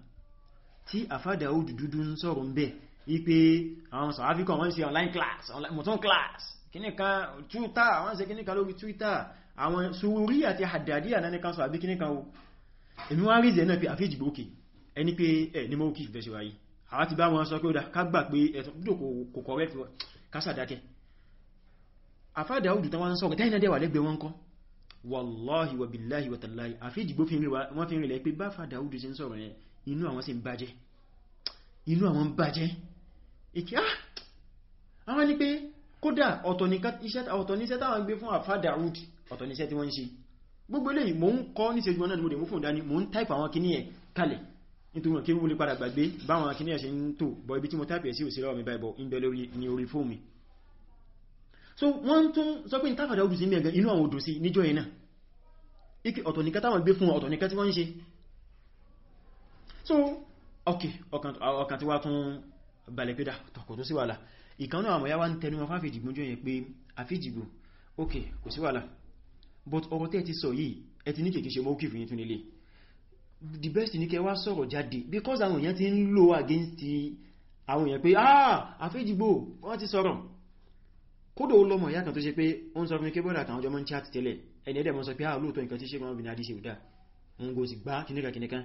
tí àfádà ó dúdú ń sọ̀rọ̀ ń bẹ̀ wípé àwọn sàáfíkọ̀ wọ́n ṣe online class mọ̀tún class kíníkan twitter wọ́n ṣe kíníkan lórí twitter àwọn sùúrí àti àdàdí ànáníkan sọ àbí kíníkan o èmi wá rí ìzẹ̀ náà pé àfíjì gbókè ẹni pé ẹ̀ ní mọ́ òkè ìfẹ́ ṣe wáyé àwọn ti bá wọn sọ pé ó dá ká gbà pé ẹ̀tọ́ kò correct kásàdákẹ́ àfá dáúdù tán wọ́n sọ́rọ̀ tẹ́yìn dẹ́wà lẹ́gbẹ̀ẹ́ wọn kọ́ wallahi wa billahi wa tallahi àfí ìdìgbò wọ́n fi rìnlẹ̀ pé bá fà dáúdù sí sọ́rọ̀ yẹn inú àwọn sì ń bàjẹ́ inú àwọn ń bàjẹ́ ìkí á àwọn ní pé kódà ọ̀tọ̀ níṣẹ́ táwọn gbé ni mo dẹ̀ mú fún ìdání mò ń táìpù àwọn kìíní ẹ̀ kalẹ̀ nítorí wọn kí wúlé padà gbàgbé báwọn kìíní ẹ̀ ṣe ń tò bọ́ ibi tí mo táìpù ẹ̀ sí òṣèré ọmọ ìbáìbọ̀ ń ní orí fóòmù so wọ́n tún sọ pé ìtàfàdà odò sí mẹ́gan inú àwọn odò sí níjọ́ ẹ̀nà ikú ọ̀tọ̀nìkà táwọn gbé fún ọ̀tọ̀nìkà tí wọ́n ń ṣe so ok ọkàn tí wá tún balẹ̀ pẹ́dà tọ̀kọ̀ tó sí wàhálà ìkanú àwọn ya wá ń tẹnu wọn fáfíjìgbó jọ yẹn pé but ọ̀rọ̀ tẹ́ ti sọ yìí ẹ ti ní kèkè the best ní kẹ wá sọ̀rọ̀ because àwọn èèyàn ti ń lo against ah àfíjìgbó wọ́n ti kódò lọ́mọ̀ ìyá kan tó ṣe pé ó ń sọ fún kébọ́dà àtàwọn ọjọ́ mọ́ ń chat tẹ́lẹ̀ ẹni ẹ̀dẹ̀ mọ́ sọ pé a ah, lóòtọ́ nǹkan tí ṣe mọ́ obìnrin adíṣe òdá ń go sì gbá kìnníkà kìnníkà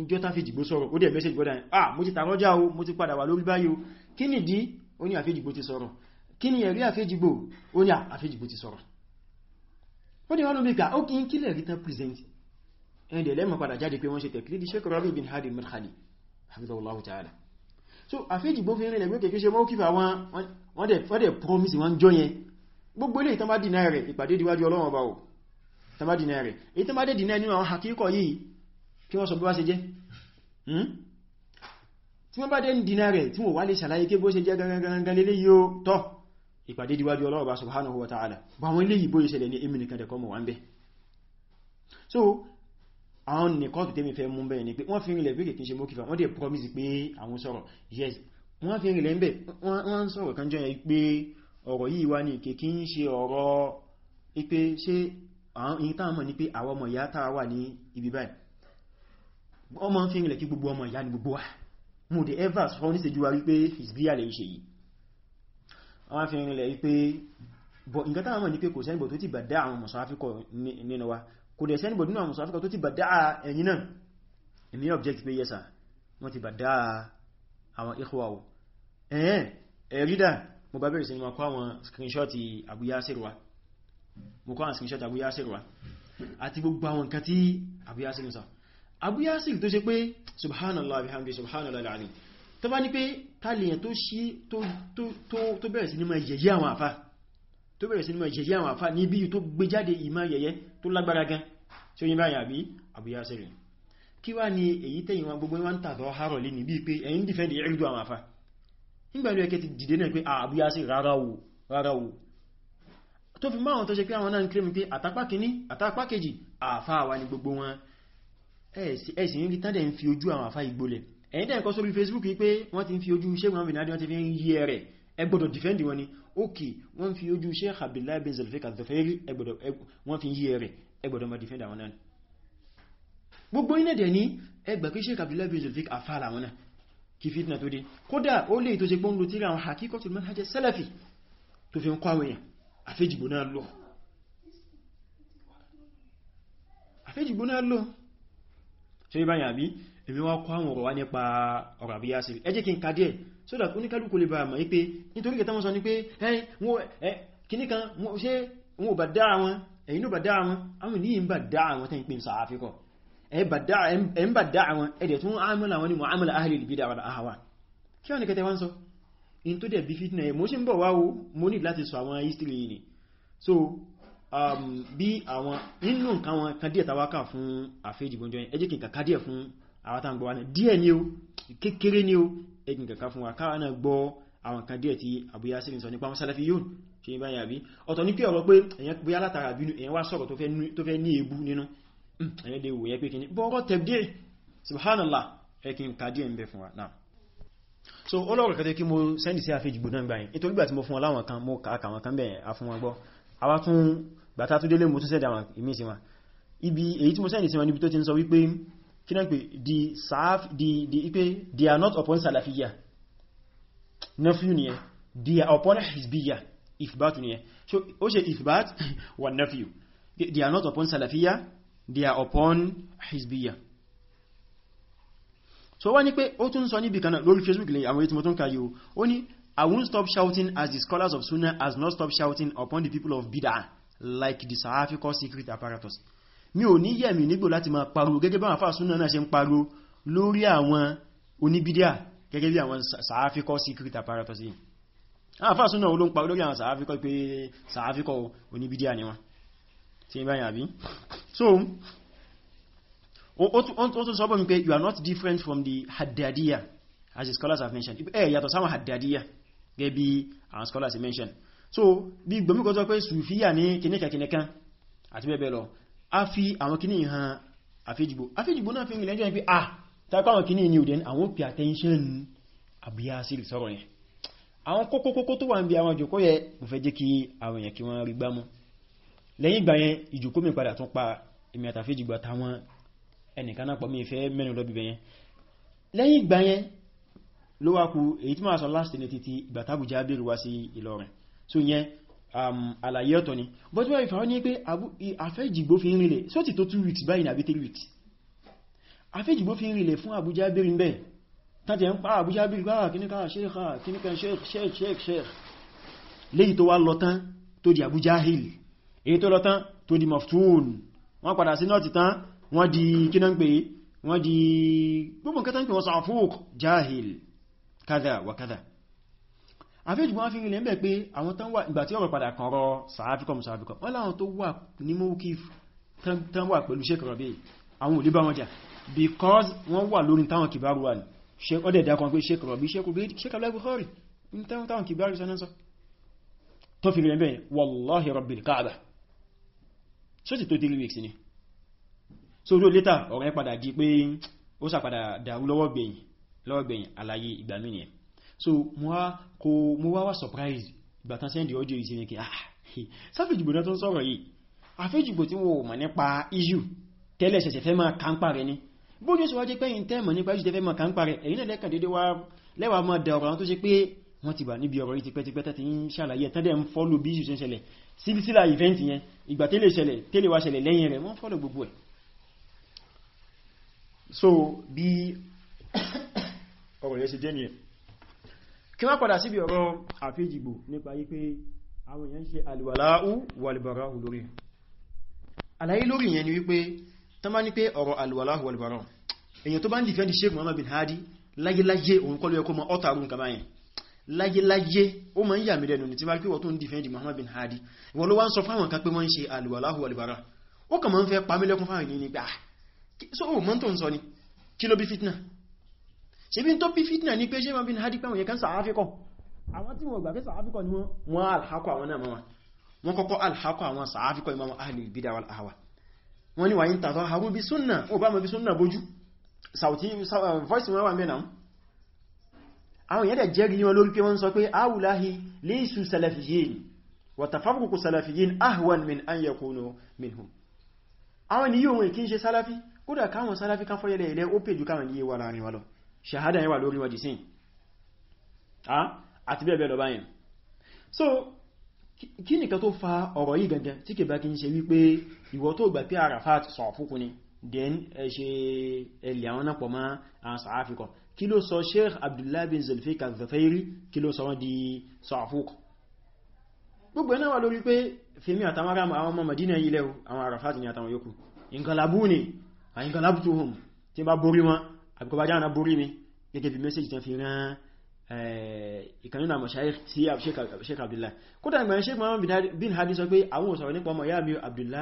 ìjọ tá fi jìgbó sọ̀rọ̀ ah mo ti tàrọ́jà o mo ti padà wà lórí báyìí o kí ni ìdí ó ní àfẹ́jìgbó ti sọ̀rọ̀ kí ni ẹ̀rí àfẹ́jìgbó ó ní ah, àfẹ́jìgbó ti sọ̀rọ̀ ó ní wọn bí ká ó kí n so àfẹ́jìgbó fi rìnlẹ̀ gbé kèkí ṣe mọ́ kí wọn wọ́n dẹ̀ promise wọ́n jọ yẹn gbogbo ilé ìtàn bá dìnà rẹ̀ ìpàdé díwájú Ọlọ́run ọba o ìtàn bá dìnà rẹ̀ èyí tán bá dẹ̀ dìnà nínú àwọn àkíkọ̀ yìí kí wọ́n sọ bí wá ṣe jẹ́ hmm? tí wọ́n bá dẹ̀ dìnà rẹ̀ tí wọ́n wá lè ṣàlàyé kí bó ṣe jẹ́ gangan lélé yóò tọ́ ìpàdé díwájú Ọlọ́run ọba subhanahu wa ta'ala bá wọn ilé ìbó ìṣẹ̀lẹ̀ ní èmi nìkan dẹ̀kọ́ mọ̀ wá ń bẹ́ so àwọn nìkan tó tẹ́mi fẹ́ mú bẹ́ẹ̀ ni pé wọ́n fi rinlẹ̀ pé kìí ṣe mọ́kífà wọ́n dẹ̀ promise pé àwọn sọ̀rọ̀ yes wọ́n fi rìnlẹ̀ ń bẹ̀ wọ́n ń sọ̀rọ̀ kan jẹ́ pé ọ̀rọ̀ yìí wá ní kèkí ń ṣe ọ̀rọ̀ ipé ṣe ìyìn táwọn mọ̀ ní pé àwọn ọmọ ìyá tàà wà ní ibi báyìí ọmọ fi rìnlẹ̀ kí gbogbo ọmọ ìyá ni gbogbo wa mo dé ever sọ ní ìṣẹ́jú wa wípé ìsbíyà lè ṣe yìí wọ́n fi rìnlẹ̀ wípé bọ̀ nǹkan táwọn àwọn mọ̀sán ẹ̀yẹn ẹ̀rídà mo bá bẹ̀rẹ̀ sí ni mo kọ́ àwọn screenshot Abu Yasir mo kọ́ àwọn screenshot Abu Yasir wa àti gbogbo àwọn nǹkan tí Abu Yasir sọ Abu tó ṣe pé subhanallah bihamdi subhanallah alazim tó bá ní pé tàlèyàn tó bẹ̀rẹ̀ sí ni mo yẹ̀yẹ́ àwọn mo yẹ̀yẹ́ àwọn àfá níbi tó gbé jáde ìmá yẹ̀yẹ́ tó lágbára gan tí ó yí báyìí àbí Abu Yasir kí wá ni èyí tẹ́yìn wọn gbogbo wọn tàbí ọ̀hárọ̀ lé ní bí pé ẹ̀yìn dìfẹ́ di àwọn àfá nígbàlú ẹkẹ́ ti dìde náà pé àbúyá ah, sí rárá o tó fi máa wọn tó ṣe pé àwọn náà ń kílẹ̀ pé àtàpá kìíní àtàpá kejì àfáà wà ní gbogbo wọn ẹ̀sìn ní tàdẹ̀ ń fi ojú àwọn àfáà ìgbólẹ̀ ẹ̀yìn tẹ́ Facebook pé wọ́n ti ń fi ojú Sheikh Muhammad Nadi wọ́n ti fi ń yí ẹ̀rẹ̀ ẹgbọ́dọ̀ defend wọn ni ókè wọ́n fi ojú Sheikh Abdullahi bin Zulfikar Dhafiri ẹgbọ́dọ̀ wọ́n fi afára àwọn náà kí fitna tó dé kódà ó lè tó ṣe gbọ́n lo tíra àwọn hakikotul manhaj salafi tó fi ń kọ́ àwẹ̀yàn àfẹ́jìgbò náà lọ àfẹ́jìgbò náà lọ ṣe ibá yà bí èmi wá kọ́ àwọn ọ̀rọ̀ wá nípa ọ̀rọ̀ àbíyá sí ẹ kí n ka díẹ̀ so that oníkálùkù lè bá mọ̀ wípé nítorí kẹta wọ́n sọ ní pé kíní kan ṣe wọn ò bá dáa wọn ẹ̀yìn ló bá dáa ẹ̀yìn bá dá àwọn ẹ̀dẹ̀ tún àmìlà wọn ni mu'amala ahli al-bid'a wal ahwa kí wọ́n ni kẹta wọ́n sọ in tó dẹ̀ bí fitna ẹ̀ mo ṣe ń bọ̀ wá o ní láti sọ àwọn history yìí ni so um, bí àwọn inú nǹkan wọn kan díẹ̀ tàwákà fún àfẹ́jìgbọ́njọ́ ẹ jẹ́ kí n kàkà díẹ̀ fún àwọn tàǹgbọ́ wọn wa káwọn náà gbọ́ àwọn kan díẹ̀ tí Abu Yasir sọ nípa wọn Salafiyun ṣe báyìí àbí ọ̀tọ̀ ní pé ọ̀rọ̀ pé èèyàn bóyá látara bínú èèyàn wá sọ̀rọ̀ tó fẹ́ ní ebu nínú ẹ̀yẹ́ lè wòye pé kìíní bọ́ọ̀rọ̀ tẹ̀bdí subhanallah ẹkìn kàdí ẹ̀ fún wa náà so olóòrùn kàtẹ́ kí mo sẹ́ndì sí àfíjì gbóná gbáyìn nítorí gbà tí mo fún aláwọn kan mo kàkàwọn kan bẹ̀rẹ̀ afún wọn gbọ́ àwa tún gbàtà tó délé mo tún sẹ́dà wọn ìmí sí wọn ibi èyí tí mo sẹ́ndì they are not upon salafiya nafiyu ni they are upon hisbiya. so wọ́n ní pé ó tún sọ níbi kanáà lórí facebook lè àwọn ètò mọ́tún kayo ó i won't stop shouting as the scholars of sunnah has not stopped shouting upon the people of bid'ah like the sahafico secret apparatus mi ò ní yẹ̀mí nígbò láti máa pariwo gẹ́gẹ́ bá àfáà sunnah náà ṣe ń pariwo lórí àwọn oníbídíà gẹ́gẹ́ bí àwọn sahafico secret apparatus yìí àfáà sunnah olóhun pariwo lórí àwọn sahafico pé sahafico oníbídíà ni wọ́n tí ń báyàbí so ó tún sọ bọ́ mi pé you are not different from the haddadiya as the scholars have mentioned ẹ yàtọ̀ sáwọn haddadiya gẹ́gẹ́ bí àwọn scholars have mentioned so bí gbọmíkọ́ tó pé sùfíyà ní kìníkàkìníkan àti bẹ́ẹ̀ bẹ́ẹ̀ lọ a fi àwọn kìní hàn àfíjìbò àfíjìbò náà fi ìrìnlẹ́jọ́ ìpé à ah, tàbí àwọn kìní ní òdẹ̀ àwọn pè attention àbúyásí sọ́rọ̀ yẹn àwọn kókókókó tó wà ń bí àwọn jòkó yẹ mo fẹ́ jẹ́ kí àwọn èèyàn kí wọ́n rí gbámú lẹ́yìn ìgbà yẹn ìjòkó mi padà tún pa èmi àtàfíjì gbà táwọn ẹnìkan náà pọ̀ mi fẹ́ mẹ́nu lọ bíbẹ̀ yẹn lẹ́yìn ìgbà yẹn ló wá ku èyí tí máa sọ last ní títí ìgbà tábùjá bèrè wá sí Ìlọrin so yẹn um, àlàyé ọ̀tọ̀ ni but wọ́n ìfàwọ́ ní pé àfẹ́jìgbó fi ń rinlẹ̀ sóti tó 2 weeks báyìí àbí 3 weeks àfẹ́jìgbó fi ń rinlẹ̀ pa àbújá bí gbáà kíníkà sheikh ah, èyí tó lọ tán tó di mọ̀ftún wọ́n padà sí nọ́ọ̀tì tán wọ́n di kíná ń pè wọ́n di gbogbo nǹkan tán pè wọ́n sàfúk jahil kada wa kada àfẹ́jù wọ́n fi rí lẹ́m̀bẹ̀ pé àwọn tán wà ìgbà tí ọ̀rọ̀ padà kan rọ sàáfikọm sàáfikọm wọ́n láwọn tó wà ní mọ́kíf tán wà pẹ̀lú Sheikh because wọ́n wà lórí táwọn kìbáru wà ní ọdẹ̀ dákan pé Sheikh Rabi Sheikh Al-Bukhari ní tó fi rí lẹ́m̀bẹ̀ wallahi Rabbi Kaaba so ti tó 3 weeks ni so ojú later ọ̀rọ̀ yẹn padà di pé ó sàpadà dàrú lọ́wọ́ gbẹ̀yìn lọ́wọ́ gbẹ̀yìn àlàyé ìgbà mí nìyẹn so mo wá wá surprise ìgbà tán sẹ́ndì ọjọ́ ìsìn ní kí ah sáfẹ́jùgbò náà tó ń sọ̀rọ̀ yìí àfẹ́jùgbò tí wọ́n mọ̀ nípa issue tẹ́lẹ̀ ṣẹ̀ṣẹ̀ fẹ́ máa kàńpà rẹ̀ ni bójú sọ wájé pẹ́yìn tẹ́mọ̀ nípa issue tẹ́fẹ́ máa kàńpà rẹ̀ èyí náà lẹ́kàn dédé lẹ́wàá máa da ọ̀rọ̀ tó ṣe pé wọ́n ti bà níbi ọ̀rọ̀ sílísílà event yẹn ìgbà tẹ́lẹ̀ ṣẹlẹ̀ wá ṣẹlẹ̀ lẹ́yìn rẹ̀ wọ́n fọ́lọ̀ gbogbo ẹ̀ so bí ọ̀rọ̀ yẹn ṣe jẹ́ nìyẹn kí wá padà síbi ọ̀rọ̀ àfíjìgbò nípa wípé àwọn èèyàn ṣe alwàláú wàlìbàráhù lórí àlàyé lórí yẹn ni wípé tán bá bin Hadi láyéláyé òun kọ́ ló yẹ kó mọ láyéláyé ó ma ń yà mí lẹ́nu ní tí wá pé wọ́n tó ń dìfẹ́ndì Muhammad bin Hadi wọ́n ló wá ń sọ fáwọn kan pé wọ́n ń ṣe alìwàláhù alìbàrá ó kàn ma ń fẹ́ pamílẹ́kún fáwọn ènìyàn nígbà ah, so o mọ́ tó ń sọ ni kí ló bí fitna ṣe bí tó bí fitna ni pé ṣe ma bin Hadi pé wọ́n yẹ kan sàáfíkọ́ àwọn tí wọ́n gbà pé sàáfíkọ́ ni wọ́n alhakọ àwọn náà mọ́wàá wọ́n kọ́kọ́ alhakọ àwọn sàáfíkọ́ imam ahli bida wal ahwa wọ́n ni wà yí ń tàtọ́ harun bí súnnà voice wọn wà àwọn èèyàn dẹ̀ jẹ́rìí ní wọn lórí pé wọ́n sọ pé áwùláhì léṣù salafiyin wa tafarruqu salafiyin ahwan min an yakunu minhum àwọn ni yíò wọn kí ń ṣe salafi kódà káwọn salafi kan fọ́yẹ̀lẹ̀ ilẹ̀ ó pèjú káwọn yíò wà láàrin wa wọn lọ so kí nìkan tó fa ọ̀rọ̀ yìí gangan tí kì bá kí ń ṣe wípé ìwọ tó gbà pé Arafat sọ̀fúnkú kí ló sọ sheikh abdullahi bin zulfikar zafairi kí ló sọ wọ́n di sa'afuk gbogbo náà wà lórí pé fèmí àtàwọn àwọn ọmọ madina yìí lẹ́wọ́ àwọn arafat ni àtàwọn yòókù ìǹkàlábù ni àìǹkàlábù tó hùn tí bá borí wọn àbíkọba jáàna borí mi gẹ́gẹ́ bí mẹ́sẹ̀jì tán fi rán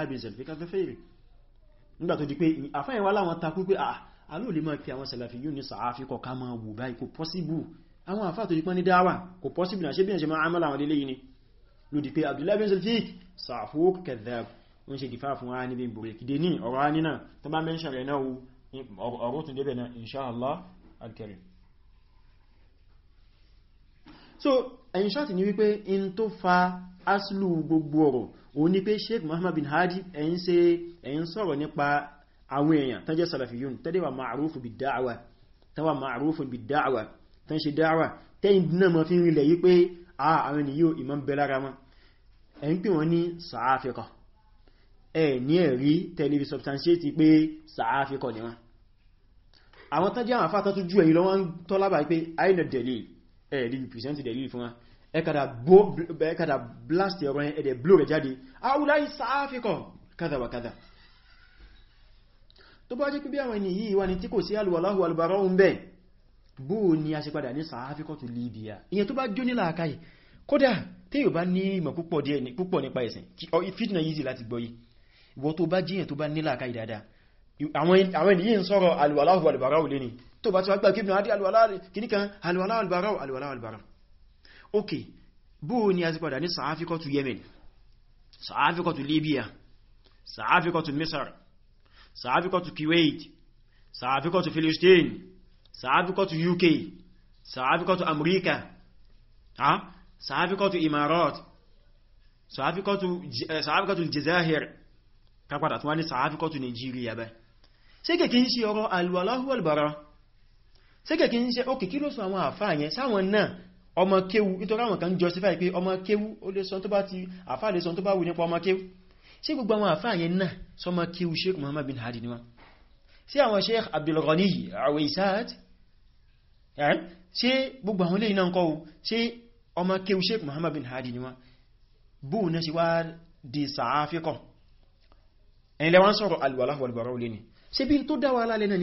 bin zulfikar zafairi nígbà tó di pé ah alóòlè máa pè àwọn sàlàfí yóò ní sàáfí kọ ká máa wù báyìí kò pọ́síbù àwọn àfáà tó jípọ́n ní dáwà kò pọ́síbù náà ṣe bí i ṣe máa àmàlà àwọn ilé yìí ni lòdì pé Abdullah bin Salfiq sàfók kẹdàb wọ́n ṣe dìfà fún wa níbi so ẹ̀yìn ṣọ́tì ni wípé in tó fa aslu gbogbo ọ̀rọ̀ òun ni pé Sheikh Muhammad àwọn èèyàn tán jẹ́ salafiyun tán dẹ̀wà ma'arufu bi da'awa tán wà ma'arufu bi da'awa tán ṣe da'awa tẹ́yìn náà ma fi rinlẹ̀ yí pé àwọn ènìyàn imam belara ma ẹ̀ ń pè wọ́n ní sàáfikọ̀ ẹ̀ ní ẹ̀rí tẹ́lẹ̀bí substantiate pé sàáfikọ̀ ni wọ́n àwọn tán jẹ́ àwọn afá tán tún ju ẹ̀yìn lọ́wọ́n tọ́lábà pé àìnà dẹ̀lì ẹ̀ lè present dẹ̀lì fún wọn ẹ̀kàdà blast ẹ̀rọ ẹ̀dẹ̀ blow rẹ̀ jáde àwùláyí sàáfikọ̀ kádàwàkádà tó bá jẹ́ pé bí àwọn ẹni yìí wà ní tí kò sí alùwàláhù alùbárọ̀ ń bẹ̀ bó ní a ṣe padà ní sàáfíkọ́ tó Libya ìyẹn tó bá jó ní làákàyè kódà tí yóò bá ní ìmọ̀ púpọ̀ nípa ẹ̀sìn fitna yìí láti gbọ́ yìí ìwọ tó bá jíyàn tó bá ní làákàyè dáadáa àwọn ẹni yìí ń sọ̀rọ̀ alùwàláhù alùbárọ̀ lé ní tó bá ti wá gbà kí ibùn adé alùwàláhù alùbárọ̀ ok bó ní a ṣe padà sàáfíkọ́ tó Yemen Misr sàáfíkọ́tù Kuwait sàáfíkọ́tù Philistine sàáfíkọ́tù UK sàáfíkọ́tù America sàáfíkọ́tù Imarat sàáfíkọ́tù Jezahir kápadà tó wá ní sàáfíkọ́tù Nigeria bẹ́ ṣé kèkí ń ṣe ọ̀rọ̀ alwalahu albara ṣé kèkí ń ṣe ókè kí ló sọ àwọn àfáà yẹn sáwọn náà ọmọ kéwu nítorí àwọn kan justify pé ọmọ kéwu ó lè sọ tó bá ti àfáà lè sọ tó bá wù nípa ọmọ kéwu sí gbogbo àwọn àfáà yẹn náà sọmọ kí u sheik muhammad bin hadi niwa sí àwọn sheik abdulghani awaisat sí gbogbo àwọn ilé iná kọ́ sí ọmọ kí u sheik muhammad bin hadi niwa bú na sí wá di sàáfíkọ́ ẹ̀yìn lẹ́wọ́n sọ̀rọ̀ alwala wal bara lẹ́ni ṣe bí tó dáwà alálẹ́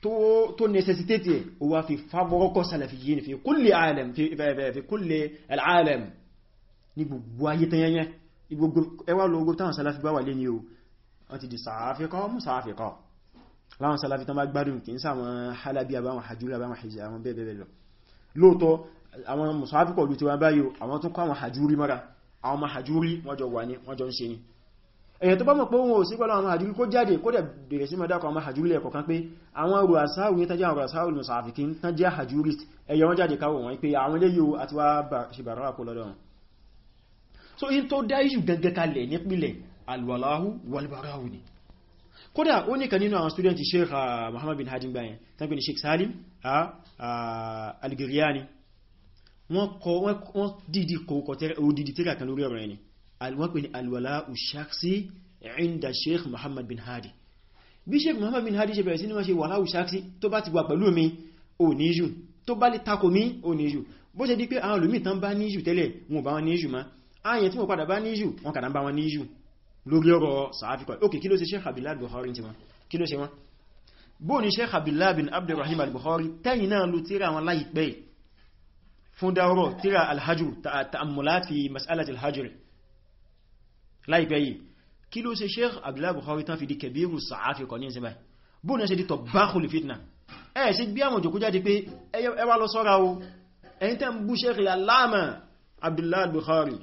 tó necessitate ó wá fi favorọ́kọ́ salafiyin fi kulli alam fi kulli al'alam ní gbogbo ayé tanyẹnyẹ ẹwà lọ́gbọ́ táwọn salafi bá wà lé ní o wọ́n ti di sàáfikọ́ mú sàáfikọ́ láwọn salafi tán bá gbádùn kì í sáwọn halabi àbáwọn hajjúrí àbáwọn hajjì àwọn bẹ́ẹ̀bẹ́ẹ̀ lọ lóòtọ́ àwọn musafikọ̀ lù ti wá báyìí wọ́n jọ wà ní wọ́n jọ ń ṣe ni èyàn tó bá mọ̀ pé wọn ò sí pẹ̀lú àwọn àdúrí kó jáde kó dẹ̀ bẹ̀rẹ̀ sí mọ́dákọ̀ àwọn àjúrí ẹ̀kọ̀ kan pé àwọn ọrọ̀ àsáhù ní tánjẹ́ àwọn àsáhù ní sàáfikí tán jẹ́ àjúrist ẹ̀yẹ so in tó dá ìṣù gẹ́gẹ́ alwalahu walbarahu ni kódà ó ní kan nínú àwọn ah, muhammad bin hajjin bayan tán pè sheikh salim a ah, ah, algeriani wọ́n kọ wọ́n dìdí kòkòtẹ́ òdìdí tíra kan lórí ọ̀rọ̀ ẹni wọ́n pè ní alwala'u shakhsi inda sheikh muhammad bin hadi bí sheikh muhammad bin hadi ṣe bẹ̀rẹ̀ sí ní wọ́n ṣe wala'u shakhsi tó bá ti wà pẹ̀lú mi ò ní ìṣù tó bá lè takò mi ò ní ìṣù bó ṣe di pé àwọn olùmí tán bá ní ìṣù tẹ́lẹ̀ wọn bá wọn ní ìṣù ma ààyè tí wọ́n padà bá ní ìṣù wọn kàdà bá wọn ní ìṣù lórí ọ̀rọ̀ sàáfikọ̀ ok kí ló ṣe sheikh abdullahi buhari ti wọn kí ló ṣe wọn bó ní sheikh abdullahi bin abdurrahim al tẹ́yìn náà ló tíra wọn láìpẹ́ fún dáwọ́rọ̀ tíra alhajjur ta'ammulati mas'alati alhajjur láìpẹ́ yìí kí ló ṣe sheikh abdullahi bukhari tán fi di kẹbíru sàáfi kọ ní ìsinmi bó ní ṣe di tọ̀báhùlù fitna ẹ̀ sí gbí àwọn òjòkú jáde pé ẹ lọ sọ́ra o ẹ̀yìn tẹ́ ń bú sheikh alama abdullahi bukhari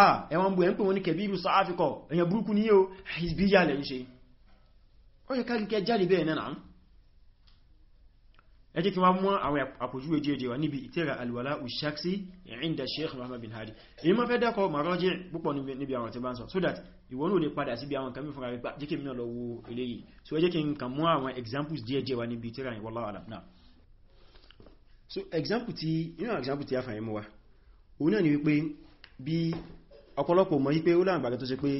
ah ẹwọ́n bú ẹ̀ ń pè wọ́n ní kẹbíru sàáfi kọ èyàn burúkú ní yóò ẹ jẹ́ kí wọ́n mú àwọn àpòjúwe díẹ̀díẹ̀ wà níbi ìtẹ́ra alwala ushaksi inda sheikh muhammad bin hadi èyí ma fẹ́ dákọ̀ maraji púpọ̀ níbi àwọn tí bá ń sọ so that ìwọ náà lè padà síbi àwọn kan fúnra rẹ̀ jẹ́ kí mìíràn lọ wo eléyìí so ẹ jẹ́ kí n kàn mú àwọn examples díẹ̀díẹ̀ wà níbi ìtẹ́ra yìí wallahu alam náà so example ti inú example ti afahàn mọ́ wa òun náà ni wípé bí ọ̀pọ̀lọpọ̀ mọ̀ wípé ó láàgbàgbà tó ṣe pé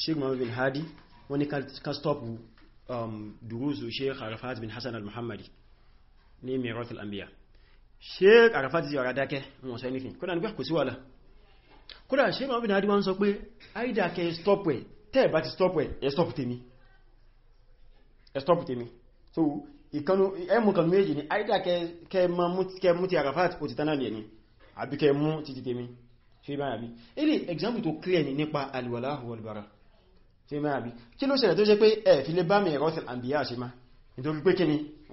sheikh muhammad bin hadi wọ́n ní ká stop um, duruzu sheikh arafat ní mirathul anbiya sheik arafat ti yọra dákẹ́ wọn sọ anything kódà nígbà kò sí wàhálà kódà sheik mahamud hadi wọn sọ pé àìdàkẹ́ stop ẹ̀ tẹ́ẹ̀ bá ti stop ẹ̀ ẹ̀ stop tèmi ẹ̀ stop tèmi so ìkanu ẹmù kan méjì ni àìdàkẹ́ kẹ mú ti arafat ó ti tánà lẹ́ni àbí kẹ mú títí tèmi ṣe bá yàbí ilé example tó clear ni nípa alwala walbara ṣe bá yàbí kí ló ṣẹlẹ̀ tó ṣe pé ẹ̀ fi lè bá mirathul anbiya ṣe má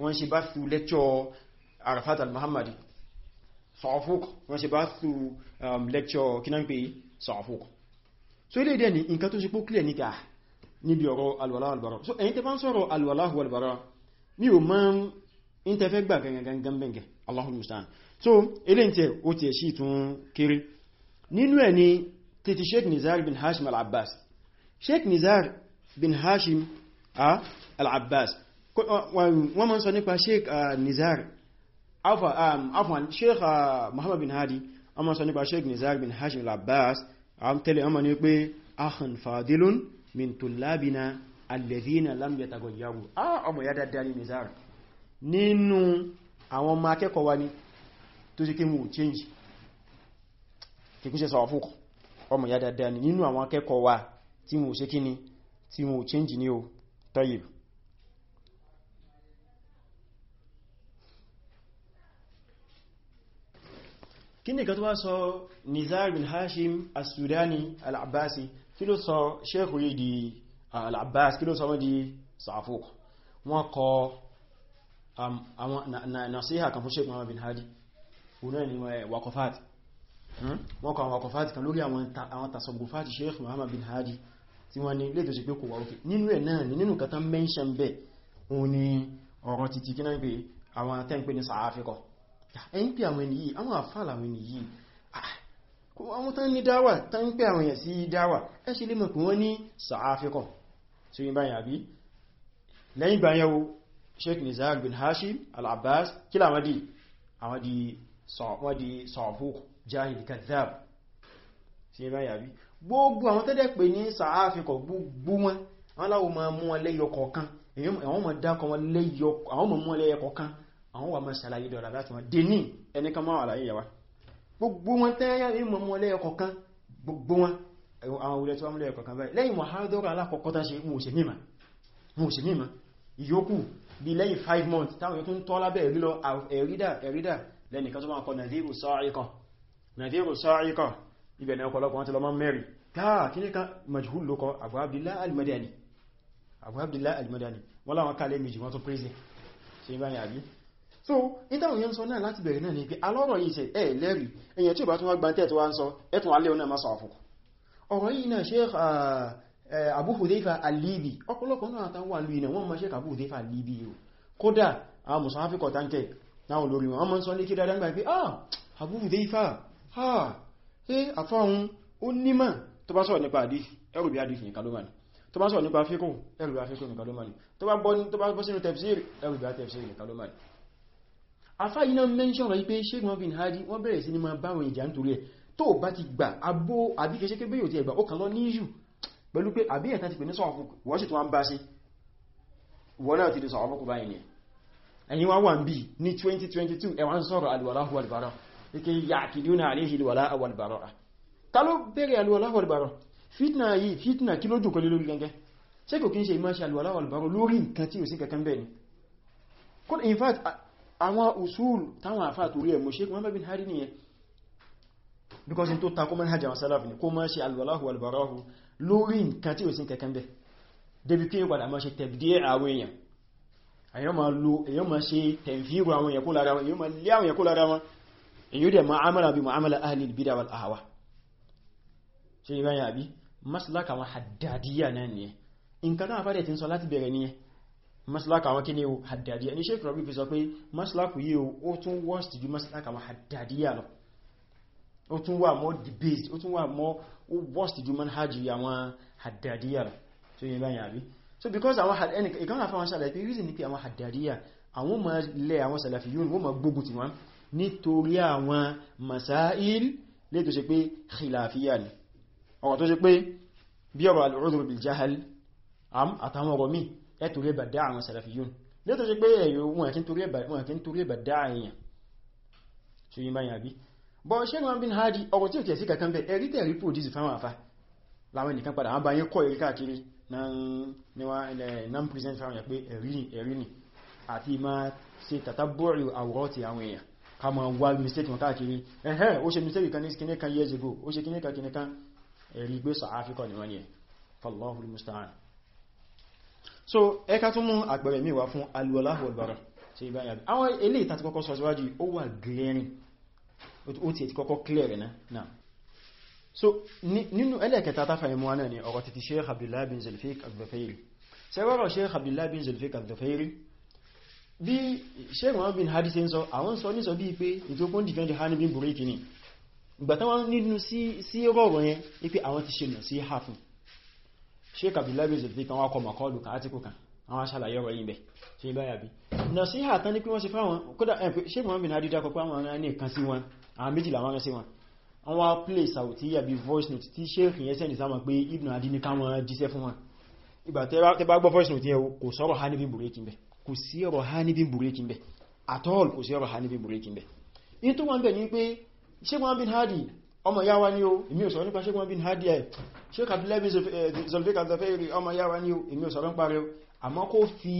wọ́n ṣe bá su lẹ́kṣọ́ arafat al-muhammadi sọ̀fúk wọ́n ṣe bá su lẹ́kṣọ́ kínánpé sọ̀fúk so ilé ìdẹ́ ni nǹkan tó ṣe pó clear níka níbi ọ̀rọ̀ alwala walbara so ẹ̀yin tẹ́ bá ń sọ̀rọ̀ alwala walbara mi ò máa ń in tẹ́ fẹ́ gbà gangan bẹ̀ngẹ̀ allahul musta'an so ilé ìtẹ́ ó sheikh nizar bin hashim al-abbas Uh, um, wọ́n mọ́ sọ nípa sheik uh, nizar um, afwan sheik uh, muhammad bin hadi wọ́n mọ́ sọ nípa sheik nizar bin hashim al-abbas tẹ́lẹ̀ wọ́n mọ́ ní pé ahun fadilun min tulabina alladhina lam yataghayyaru ah ọmọ ya dáadáa ní nizar nínú àwọn ọmọ akẹ́kọ̀ọ́ wa ni tó ṣe kí mú change kìkúṣẹ́ sọ àfúkù ọmọ ya dáadáa ní nínú àwọn akẹ́kọ̀ọ́ wa tí mú ṣe ni o tayyib kí ni kan tó wá sọ nizar bin hashim as-sudani al-abbasi kí ló sọ sheikh yìí di al-abbas kí ló sọ wọ́n di sàfúk wọ́n kọ um, nasiha kan fún sheikh muhammad bin hadi wọ́n ni eh, wakọfati hmm? wọ́n kọ àwọn wakọfati kan lórí àwọn tasogufati sheikh muhammad bin hadi tí wọ́n ni ń pè ní sàáfíkọ̀ ẹ̀yìn pé àwọn ẹni yìí àwọn àfáà làwọn ẹni yìí ah, àwọn tán ní dáwà tán ń pè àwọn èèyàn sí dáwà ẹ ṣe lè mọ̀ pé wọ́n ní sàáfíkọ̀ tí ó yí báyìí àbí lẹ́yìn gbáyẹ̀wò sheikh nizar bin hashim al-abbas kí láwọn dì àwọn di sàáfíkọ̀ jahil kadhab tí ó yí báyìí àbí gbogbo àwọn tẹ́dẹ̀ pé ní sàáfíkọ̀ gbogbo wọn wọn láwọn mọ̀ mú wọn lẹ́yọ kọ̀ọ̀kan àwọn wà máa ṣàlàyé dọ̀rọ̀ láti wọn dé ní ẹnìkan máa àlàyé yẹwa gbogbo wọn tẹ́yà ìmọ̀ mọ́ lẹ́yọkọ̀ kan gbogbo wọn àwọn olè tó wọ́n lẹ́yọkọ̀ kan báyìí lẹ́yìn mọ̀hádọ́rọ̀ alákọ̀ọ́kọ́ tán ṣe months táwọn yóò tún tọ́ lábẹ́ ìlú lọ ẹ̀rídà ẹ̀rídà lẹ́nìkan tó máa kọ nàdírù sọ́ọ̀ríkọ̀ nàdírù sọ́ọ̀ríkọ̀ ibẹ̀ ní ọ̀pọ̀lọpọ̀ wọn ti lọ mọ́ mẹ́rin káà kí ní ká majhul lókọ Abu Abdillah al-Madani Abu Abdillah al-Madani wọ́n láwọn kálẹ̀ méjì wọ́n tó prison ṣe báyìí àbí so ìtàwọn yẹn ń sọ náà láti bẹ̀rẹ̀ náà ni pé alọ́rọ̀ yìí ṣe ẹ̀ lẹ́rìí èyàn tí ó bá tún wá gbántẹ́ tó wá ń sọ ẹ̀tún alẹ́ ọ̀nà masọ̀ àfùkù ọ̀rọ̀ yìí náà Sheikh Abu Hudhayfa Al-Libi ọ̀pọ̀lọpọ̀ náà àtàwọn àlú ìnà wọ́n mọ̀ Sheikh Abu Hudhayfa Al-Libi o kódà àwọn mùsùlùmí àfikọ̀ táǹkẹ̀ náà lórí wọn mọ́ ń sọ lékè dáadáa gbà pé ah Abu Hudhayfa ha ẹ àfọ́hun ó nímọ̀ tó bá sọ̀rọ̀ nípa àdí ẹrù bí àdí fìyàn kalómà ni tó bá sọ̀rọ̀ nípa fíkún ẹrù bí àfíkún kalómà ni tó bá bọ́ sínú tafsir ẹrù bí àtẹ̀fsir kalómà ni afá iná mention rẹ̀ pé Sheikh Muhammad bin Hadi wọ́n bẹ̀rẹ̀ sí ní ma báwọn ìjà nítorí ẹ̀ tó bá ti gbà abó àbí kẹsẹ́ pé bẹ́yò ti ẹ̀gbà ó kàn lọ ní ìṣù pẹ̀lú pé àbí ẹ̀ta ti pè ní sọ́wọ́n fúnkù wọ́n sì tó wá ń bá sí wọ́n náà ti di 2022 ẹ̀wà ń sọ̀rọ̀ alwala huwal bara ike yaqiduna alayhi alwala wal bara ta ló bẹ̀rẹ̀ alwala wal fitna yìí fitna kí ló jù kọlé lórí gẹ́gẹ́ ṣé kò kí ń ṣe ìmáṣe alwala wal bara in fact àwọn usul táwọn àfà torí ẹ̀mù sheik Muhammad bin Hadi nìyẹn because in tó takó mọ́ hajjá salaf ni kó mọ́ ṣe alwalahu albarahu lórí nǹkan tí ò sí kẹkẹ́ bẹ́ débi kí ìpàdà mọ́ ṣe tẹ̀bdí àwọn èèyàn maslaka àwọn kí ni o haddadiya ní sheik rabi fi sọ pé maslaku yí o ó tún worst ju maslaka àwọn haddadiya lọ ó tún wà mọ́ debased ó tún wà mọ́ worst ju manhaji àwọn haddadiya lọ so yẹ báyìí àbí so because àwọn ẹnìkan àfáwọn sàlẹ̀ pé reason ni pé àwọn haddadiya àwọn ma lẹ àwọn salafiyun wọ́n ma gbógun ti wọn nítorí àwọn masail lè tó ṣe pé khilafiya ni ọ̀rọ̀ tó ṣe pé bí ọ̀rọ̀ al-udhr bil jahal àtàwọn ọ̀rọ̀ míì ẹ torí ẹ̀bà dá àwọn sàlàfíyùn lé tó ṣe pé ẹ̀yọ wọn kí n torí ẹ̀bà dá èèyàn ṣe yí báyìí àbí bọ́ ṣẹ́gun bin hadi ọ̀rọ̀ tí ò tẹ̀ sí kankan bẹ̀ ẹ̀rí tẹ̀ rí pòdísì fáwọn àfá láwọn nìkan padà wọ́n bá yẹn kọ́ ẹ̀rí káàkiri náà present fáwọn yà pé ẹ̀rí ni ẹ̀rí ni àti máa ṣe tàtàbọ̀rì àwòrán wá mistake wọn káàkiri ẹ̀hẹ́ ó ṣe mistake kan ní kíní years ago ó ṣe kíní kan kíní kan ẹ̀rí gbé sàáfíkọ̀ ni wọ́n ni ẹ̀ fallahul musta'an so ẹka tó mú àpẹẹrẹ mi wá fún alwọláhù ọlbàrà ṣe ibá yàbí àwọn ilé ìta ti kọ́kọ́ sọ ó wà glaring ó ti ti kọ́kọ́ clear rẹ̀ náà so nínú ẹlẹ́kẹta tafà imú wa náà ni ọ̀rọ̀ titi sheikh abdullahi bin zulfiq al-dhafairi sẹ́wọ́rọ̀ sheikh abdullahi bin zulfiq al-dhafairi bí sheikh wọn bin hadi ṣe ń sọ àwọn sọ ní sọ bí pé ìtókún dìkan di hanibin burikini ìgbàtán wọn sheik abdullahi zulfi kan wá kọ makọlù kan átíkù kan àwọn aṣàlàyé ọ̀rọ̀ yìí bẹ̀ ṣe ibá yàbí na sí ìhà kan ní pé wọ́n ṣe fáwọn kódà ẹ̀pẹ́ sheik mohamed adida kọ pé àwọn ará ní nǹkan sí wọn àwọn méjìlá wọn sí wọn wọ́n wá play sauti yàbí voice note tí sheik yẹn sẹ́ni sáwọn pé ibn adi ní káwọn jíṣẹ́ fún wọn ìgbà tẹ́ bá gbọ́ voice note yẹn kò sọ̀rọ̀ ha níbi burúkú bẹ̀ kò sí ọ̀rọ̀ ha níbi burúkú bẹ̀ at all kò sí ọ̀rọ̀ ha níbi burúkú bẹ̀ in tó wọ́n bẹ̀ ní pé sheik mohamed hadi ọmọ yáwa ní o èmi ò sọ nípa ṣégun bin hadi ẹ̀ ṣe kàbílẹ́bí zolvik al-zafiri ọmọ yáwa ní o èmi ò sọ nípa rẹ̀ o àmọ́ kó fi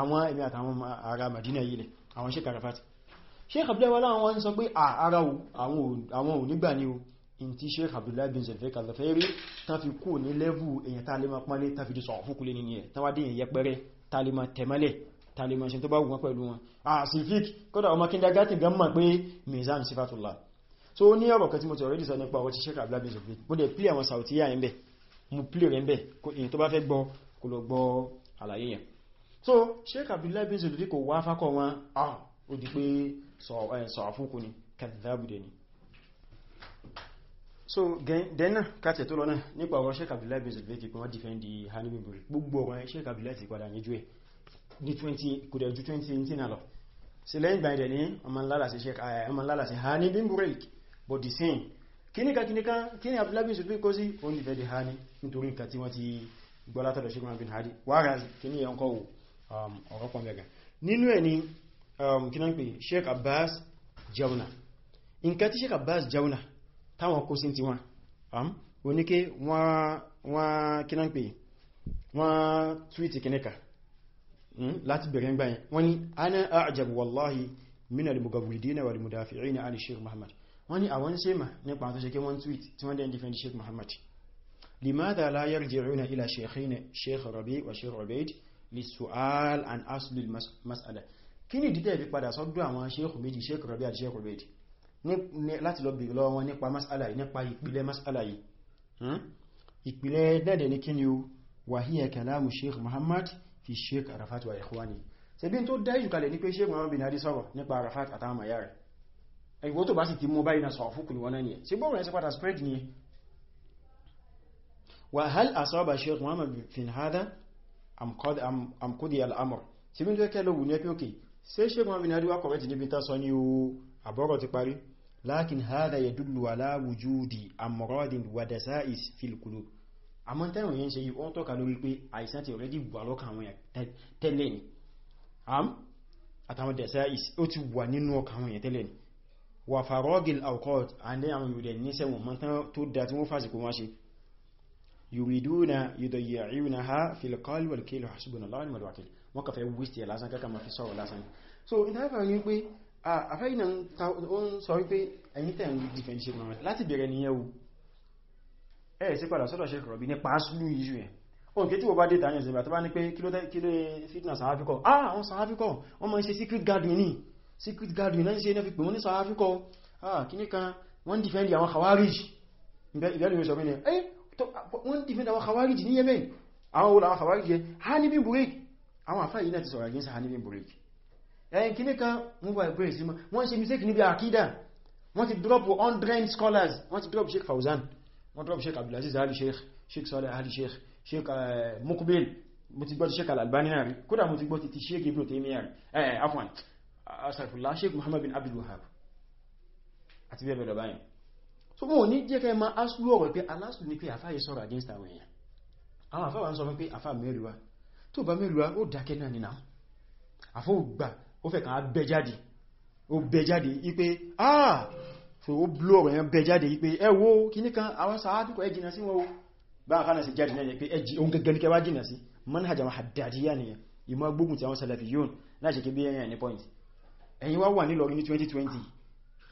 àwọn èmi àtàwọn ará madina yìí lẹ̀ àwọn ṣe karafati ṣe kàbílẹ́wà láwọn wọ́n sọ pé ara o in ti ṣe kàbílẹ́bí bin zolvik al-zafiri tán fi kú ní lẹ́vù èyàn tálẹ́mà pọ́nlé tán fi di sọ̀rọ̀ fúkulé nínú ẹ̀ tán wá dé èyàn yẹpẹrẹ tálẹ́mà tẹ̀mẹ́lẹ̀ tálẹ́mà ṣe tó bá wù so ó ní ọ̀rọ̀ kan tí mo ti already sọ nípa ọ̀rọ̀ ti Sheikh Abdullah bin Zubayd mo dẹ̀ play àwọn sàwòtíyà yẹn bẹ̀ mo play rẹ̀ bẹ̀ èyí tó bá fẹ́ gbọ́ kò lọ gbọ́ àlàyé yẹn so Sheikh Abdullah bin Zubayd kò wá ah ó di pé sọ̀rọ̀ fún kò ní ni so dẹ́nà káàtẹ̀ tó lọ́nà nípa ọ̀rọ̀ Sheikh Abdullah bin Zubayd pé wọ́n dìfẹ́ndì Hannibal Burri gbogbo ọ̀rọ̀ Sheikh Abdullah ti padà yẹjú ẹ̀ ní 20 kò dẹ̀ ju 2018 náà lọ sí but the same kíníkà kíníkà kíní abdullabi sùfí kó sí òun ìfẹ́ di ha ní nítorí nǹkan tí wọ́n ti gbọ́ látọ̀dọ̀ ṣe bin hadi whereas kíní yẹn kọ́ wò um, ọ̀rọ̀ pọ̀ mẹ́gà nínú ẹ̀ ni um, kíná ń pè sheikh abbas jauna nǹkan tí sheikh abbas jauna táwọn kó sí ti wọn oníké um, wọ́n kíná ń pè wọ́n túwìtì kíníkà hmm, láti bẹ̀rẹ̀ ń gbáyẹn wọ́n ni ana a'jab wallahi min al-mugawwidina wal mudafi'ina sheikh muhammad wọ́n ní àwọn ṣe mà nípa tó ṣe kí wọ́n tweet tí wọ́n dẹ̀ defend Sheikh Muhammad limadha la yarji'una ila sheikhina Sheikh Rabi' wa Sheikh Ubayd lis-su'al an asli al-mas'ala kí ni dìtẹ̀ fi padà sọ́dọ̀ àwọn Sheikh méjì Sheikh Rabi' àti Sheikh Ubayd láti lọ bèèrè lọ́wọ́ wọn nípa mas'ala yìí nípa ìpìlẹ̀ mas'ala yìí hmm? ìpìlẹ̀ dẹ̀dẹ̀ ní kí ni o wa hiya kalamu Sheikh Muhammad fi Sheikh Arafat wa ikhwani ṣebí tó dájú kalẹ̀ ní pé Sheikh Muhammad bin Hadi sọ̀rọ̀ nípa Arafat àtàwọn mayari ẹgbẹ́ tó bá sì ti mú báyìí na sọ̀fún kùn wọn náà sí bọ́ọ̀rọ̀ ẹsẹ padà spread ni wà hal asaba sheikh muhammad bin hada amkudi al'amur sí bí n tó kẹ́ lọ́wù ní ẹpẹ́ òkè sí sheikh muhammad hadi wà kọ̀rẹ́tì níbi tá sọ ní o àbọ̀rọ̀ ti parí lakin hada ya dullu ala wujudi amradin wa dasa'is fil ó ti wà nínú ọkàn àwọn tẹ́lẹ̀ ni wà farogil alcohol and then àwọn yìí ní sẹ́wọ̀n mọ́ tán tó dá tí wọ́n fásitì wọ́n ṣe yuriduna yudayyi'una ha fil qalbi wal kaylu hasbunallahu wa ni'mal wakeel wọ́n kàfẹ́ wíṣtì lásán kẹ́kà ma fi sọ́rọ̀ lásán so ìtàfà yìí pé àfẹ́ ìnà ó ń sọ wípé ẹ̀yìn tẹ̀ ń differentiate mọ́ láti bẹ̀rẹ̀ nìyẹn o ẹ̀ sí padà sọ́dọ̀ ṣe kọ̀rọ̀bí ní pàásùlù ìṣù ẹ̀ òun kìí tí wọ́n bá dé tààyàn ìṣẹ̀lẹ̀ àti bá ní pé kí ló fitna sàáfíkọ̀ ah wọ́n sàáfíkọ̀ wọ́n máa ń ṣe secret garden ní secret garden náà ṣe iná fi pè wọ́n ní South Africa ah kí ní kan wọ́n defend àwọn Khawarij ìgbẹ́lùmí sọ mẹ́rin ẹ́ eh, wọ́n defend àwọn Khawarij ní Yemen àwọn olà àwọn Khawarij yẹ Hani bin Burik àwọn àfáà yìí náà ti sọ̀rọ̀ against Hani bin Burik ẹ̀yìn eh, kí ní kan mú bá ẹgbẹ́ ìsinmi wọ́n ṣe mistake níbi àkídà wọ́n ti drop undrained scholars wọ́n ti drop Sheikh Fauzan wọ́n drop Sheikh Abdulaziz Ali Sheikh Sheikh Saleh Ali Sheikh Sheikh eh, Mukbil mo ti gbọ́ ti Sheikh Al-Albani náà rí kódà mo ti gbọ́ ti Sheikh Ibn Taymiyyah rí afwan asàfùlá sheik muhammad bin abdul wahab àti bẹ́ẹ̀ bẹ́ẹ̀ báyìí so mo ní jẹ́ kẹ́ ma asúlù ọ̀rọ̀ pé alásù ní pé àfáyé sọ̀rọ̀ against àwọn èèyàn àwọn àfáwà ń sọ pé àfá mẹ́rìwá tó bá mẹ́rìwá ó dákẹ́ náà nínà àfó gbà ó fẹ́ kàn á bẹ jáde ó bẹ jáde ipé ah so ó blú ọ̀rọ̀ yẹn bẹ jáde wo kíní kan àwọn sàádùkọ̀ ẹ jìnà sí wọn o bá a kánà sí jáde náà pé ẹjì òun gẹ́gẹ́ ní kẹwàá salafiyun láti kí bí ẹyẹn ní point ẹ̀yin wá wà ní lọrin ní 2020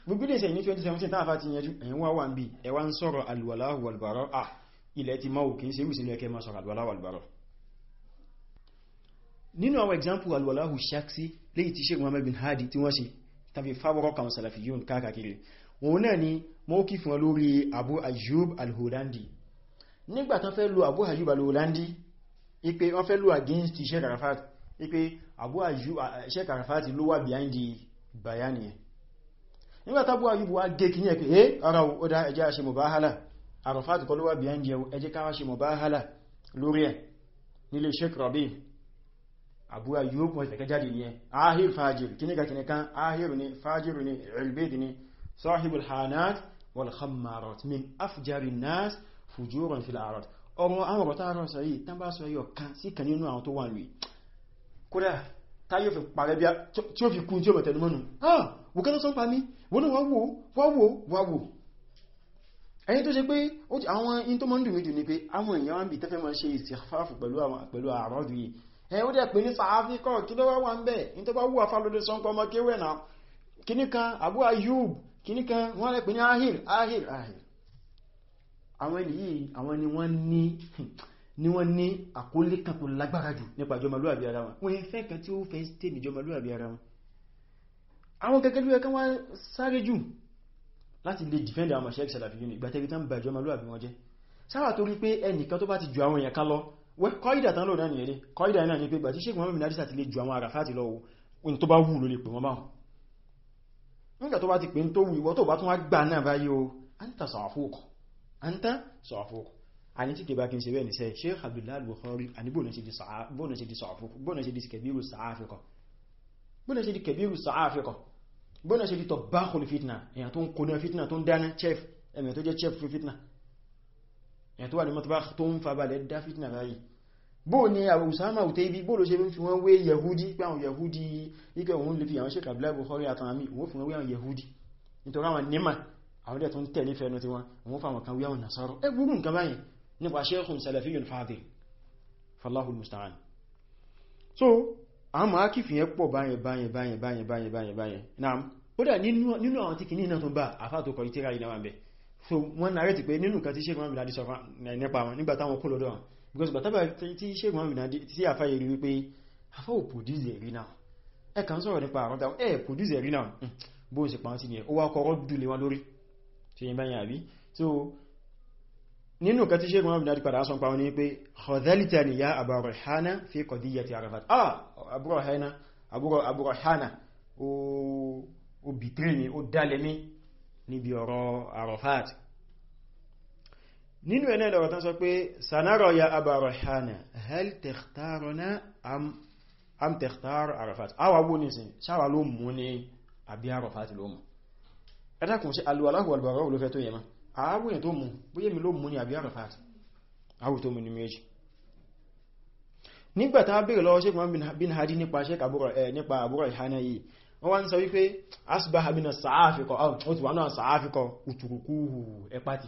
gbogbo ilé ìsẹ̀yìn ní 2017 tán àfá ti yẹjú ẹ̀yin wá wà ń bí ẹwà ń sọ̀rọ̀ alùwàláhù alùbàrọ̀ à ilẹ̀ ti máa òkè ń se rúsìnú ẹkẹ example alùwàláhù shaksi léyìí ti Sheikh Muhammad bin Hadi tí wọ́n ṣe tàbí fáwọ́rọ̀ kan sàlàfì yóò káàkiri Abu Ayyub al-Hulandi nígbà tán Abu Ayyub al-Hulandi ipe against Sheikh Arafat wípé Abu Ayyub Sheikh Arafati ló wà behind the bayani ẹ̀ nígbàtà Abu Ayyub wá gé kí ní ẹ̀kẹ́ ẹ́ ara ó dá ẹjẹ́ àṣẹ mubahala Arafati kọ́ ló wà behind ẹjẹ́ káwà ṣe mubahala lórí ẹ̀ nílé Sheikh Rabi Abu Ayyub wọ́n ìfẹ̀kẹ́ jáde ní ẹ ahir fajir kíníkà kíníkan ahir ni fajir ni ilbid ni sahibul hanat wal khammarat min afjari nas fujuran fil arat ọ̀rọ̀ àwọn ọ̀rọ̀ tààrọ̀ yìí tán bá sọ yìí ọ̀kan sí kan nínú àwọn tó wà lóyìí kódà táyọ̀ fi parẹ́ bí tí ó fi kún tí ó mẹ̀tẹ̀lú mọ́nu ah wùkẹ́ ló sọ pa mí wọ́n náà wáwò wáwò wáwò ẹni tó ṣe pé àwọn in tó mọ́ ń dùn méjì ní pé àwọn èèyàn wá ń bí tẹ́fẹ́ máa ṣe ìsìfáàfù pẹ̀lú àrọ́dù yìí ẹ ó dẹ̀ pé ní sàáfíkọ̀ kí ló wá wà ń bẹ̀ in tó bá wù afálódé sọ́nkọ́ ọmọ kéwẹ̀ náà kíní kan Abu Ayub kíní kan wọ́n lè pè ní ahir ahir ahir àwọn ènìyàn àwọn ni wọ́n ní ni wọ́n ní àkólé kan tó lágbára jù nípa jọmọlúwàbí ara wọn wọ́n fẹ́ kan tí ó fẹ́ tèmi jọmọlúwàbí ara wọn àwọn gẹ́gẹ́ ló yẹ kán wá sáré jù láti lè defend àwọn Sheikh Salafiyyun ìgbàtẹ́rí tán bà jọmọlúwàbí wọn jẹ́ sáwà torí pé ẹnìkan tó bá ti ju àwọn èèyàn kan lọ wẹ́ kọ́ìdà tán lòdá nìyẹn kọ́ìdà náà ni pé gbà tí Sheikh wọ́n báwọn anta sọ ani tí kìbá kí n ṣe bẹ́ẹ̀ nìṣẹ́ Sheikh Abdullahi Bukhari ani bóòna ṣe di kẹbíru sàáfikọ̀ bóòna ṣe di kẹbíru sàáfikọ̀ bóòna ṣe di tọ̀bákùn fitna èyàn tó ń kóná fitna tó ń dáná chef ẹ̀mẹ̀ tó jẹ́ chef fún fitna èyàn tó wà ní mọ́tọ́bá tó ń fabalẹ̀ dá fitna báyìí bóò ni abu Usama Utaibi bóò ló ṣe fi wọ́n wé Yahudi pé àwọn Yahudi ikẹ́ òun lè fi àwọn Sheikh Abdullahi Bukhari àtàwọn mi òun fi wọ́n wé àwọn Yahudi nítorí àwọn nímà àwọn dẹ̀ tó ń tẹ̀lé fẹ́nu tí wọ́n wọ́n fáwọn kan wé àwọn Nasara ẹgbùrù e báyìí nípa sheikhun salafiyun fadil fallahu musta'an so a ma kí fi yẹn pọ̀ báyẹn báyẹn báyẹn báyẹn báyẹn báyẹn báyẹn naam kódà nínú àwọn tí kì ní iná tó bá àfá tó ìdáwà bẹ̀ so wọ́n náà rẹ̀tì pé nínú kan tí sheikhun amina di sọ nípa because bàtàbà tí sheikhun amina tí àfá yìí rí wípé àfá ò produce ẹ̀rí náà ẹ kàn sọ̀rọ̀ nípa àwọn táwọn ẹ̀ produce ẹ̀rí náà hmm. bó so nínú kan tí ṣégun abinadi padà sọ pa wọn ní pé ọ̀dẹ́lìtà ni ya àbúrọ̀hánà fi kọ̀díyà ti arafat ah àbúrọ̀hánà o bìtírì ni ó dálẹ̀ mí níbi ọ̀rọ̀ arafat nínú ẹ̀nà ìdọ̀rọ̀ tán sọ pé sanarọ̀ ya àbúrọ̀hánà hal tẹ̀ktarọ̀nà am tẹ̀ktar arafat awa wó ní sin sáwà ló mú ní àbí arafat ló mú ẹ̀dàkùn sí alwàláhùwàlbàrọ̀ olófẹ́ tó yẹ máa àwòyàn tó mú bóyé mi ló mú ní àbí Arafat àwò tó mú ní méjì nígbàtà bèèrè lọ́wọ́ Sheikh Muhammad bin Hadi nípa àbúrò ìhánà eh, yìí wọ́n wá ń sọ wípé asbaha mina sàáfikọ̀ oh, ó náà sàáfikọ̀ ùtùrùkúhù ẹpàtì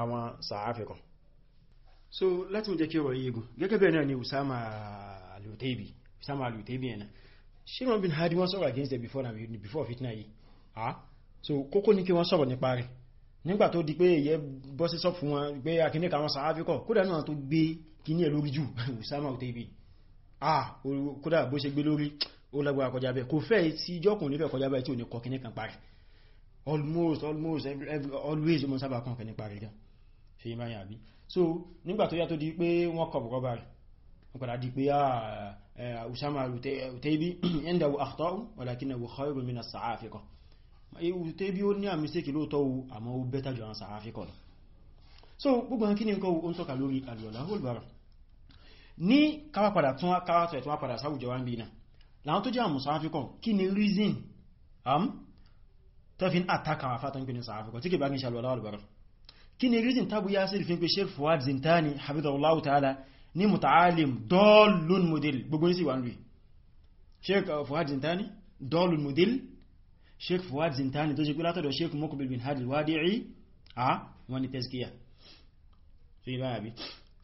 àwọn sàáfẹ́kàn so láti mú jẹ́ kí ọ̀rọ̀ yígun gẹ́gẹ́ bẹ́ẹ̀ náà ni Usama al Usama al-Utaybi ẹ̀nà Shimon bin Hadi wọ́n sọ̀rọ̀ against them before, before fitna yìí ah so kókó ní kí wọ́n sọ̀rọ̀ nípa rẹ̀ nígbà tó di pé ìyẹ́ bọ́ sí sọ fún wọn pé akíníkà wọn sàáfẹ́kọ̀ kódà náà tó gbé kíní ẹ̀ lórí jù Usama al-Utaybi ah kódà bó ṣe gbé lórí ó lágbára kọjá bẹ́ẹ̀ kò fẹ́ tí ìjọkùn nífẹ̀ẹ́ kọjá bẹ́ẹ̀ tí ò ní kọkíní kan parẹ́ almost almost every, every, always o mọ́ sábà kan kẹni parí gan ṣe ìmáyà àbí so nígbà tó yá tó di pé wọ́n kọ̀ bọ̀kọ́ bari wọ́n padà di pé ah, Usama Utaibi inda wo akhtau walakin wo khairu mina sa'afikọ Utaibi ó ní àmì sékì lóòtọ́ wo àmọ́ ó bẹ́ta jọ àwọn sa'afikọ lọ so gbogbo hàn kí ni nǹkan ó ń tọ́ka lórí alìọ̀lá olùbára ní káwà padà tún káwà tún padà sáwùjọ wa ń bí náà làwọn tó jẹ́ àmùsáfikọ̀ kí ni reason tó fi ń àtàkà àwọn afátán pè ní sàáfẹ́kọ̀ tí kì bá kí n ṣàlọ́lá alùbára kí ni reason tabu yasir fi ń pè sheikh fuad zintani hafizahullahu ta'ala ní muta'alim dọ́ọ̀lùn model gbogbo ní sí wà ń rí sheikh uh, fuad zintani dọ́ọ̀lùn model sheikh fuad zintani tó ṣe pé látọ̀dọ̀ sheikh mokbil bin hadi wadi'i a wọn ni tezkiya so ibá yàbí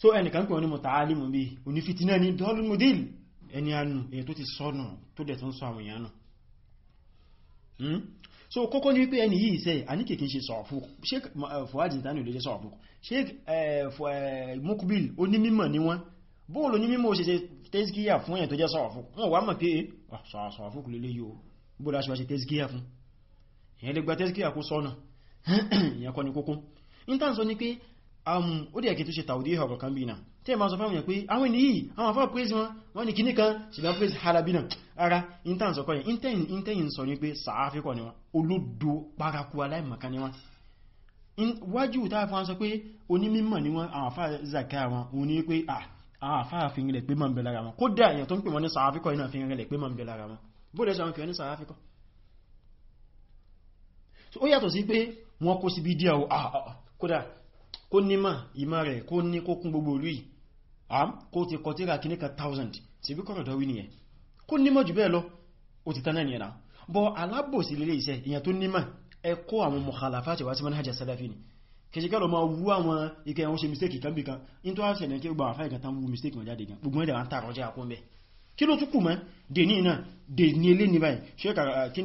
so ẹnìkan pè ní muta'alim bí onífitina ní dọ́ọ̀lùn model ẹni anu èyí so kókó ní wípé ẹni yìí sẹ́ àníkè kìí ṣe sọ̀fúk sheik eh, fuad zidane ló jẹ́ sọ̀fúk sheik eh, eh, mukbil onímímọ̀ ni wọ́n bóòlù ní mímọ̀ òṣèṣe tẹ́síkíyà fún ẹ̀ tó jẹ́ sọ̀fúk wọ́n wá mọ̀ pé ah, sọ̀fúk lè léyò bóòlù aṣọ ṣe tẹ́síkíyà fún ni kókó in tán Um, ó dẹ̀ kí tó ṣe tàwùdí ìhọ̀ kọ̀kan bí náà tí ẹ máa sọ fáwọn yẹn pé àwọn ènìyàn àwọn afọ́ praise wọn wọ́n ni kìíní kan ṣìgbà praise halabi náà ara intan sọ kọ́ yẹn intan sọ ní pé sàáfíkọ̀ ni wọn olódo paraku aláìmọ̀kan ni wọn wájú táà fún sọ pé onímímọ̀ ni wọn àwọn afá zaka wọn òun ni pé ah, àwọn afá fi ń rẹ̀ pé máa ń bẹ lára wọn kódà èèyàn tó ń pè wọn ní sàáfíkọ̀ ah, ah, kódà kó nímọ̀ ìmọ̀ rẹ̀ kó ní kó kún gbogbo olú am kó ti kọ tíra kí níka 1000 tí bí kọ̀rọ̀ dọ́wí nìyẹn kó nímọ̀ jù bẹ́ẹ̀ lọ ó ti tán nìyẹn bọ́ alábòsí lè iṣẹ́ ìyẹn tó nímọ̀ ẹ kó àwọn mukhalafati wá sí manhaja salafi ni kẹsìkẹ́ lọ ma wú àwọn ikẹ́ ẹ̀wọ́n ṣe mistake kan bí kan in tó á ṣẹlẹ̀ kí gbà àfáìkà tán wú mistake wọn jáde gan gbogbo ẹ̀dẹ̀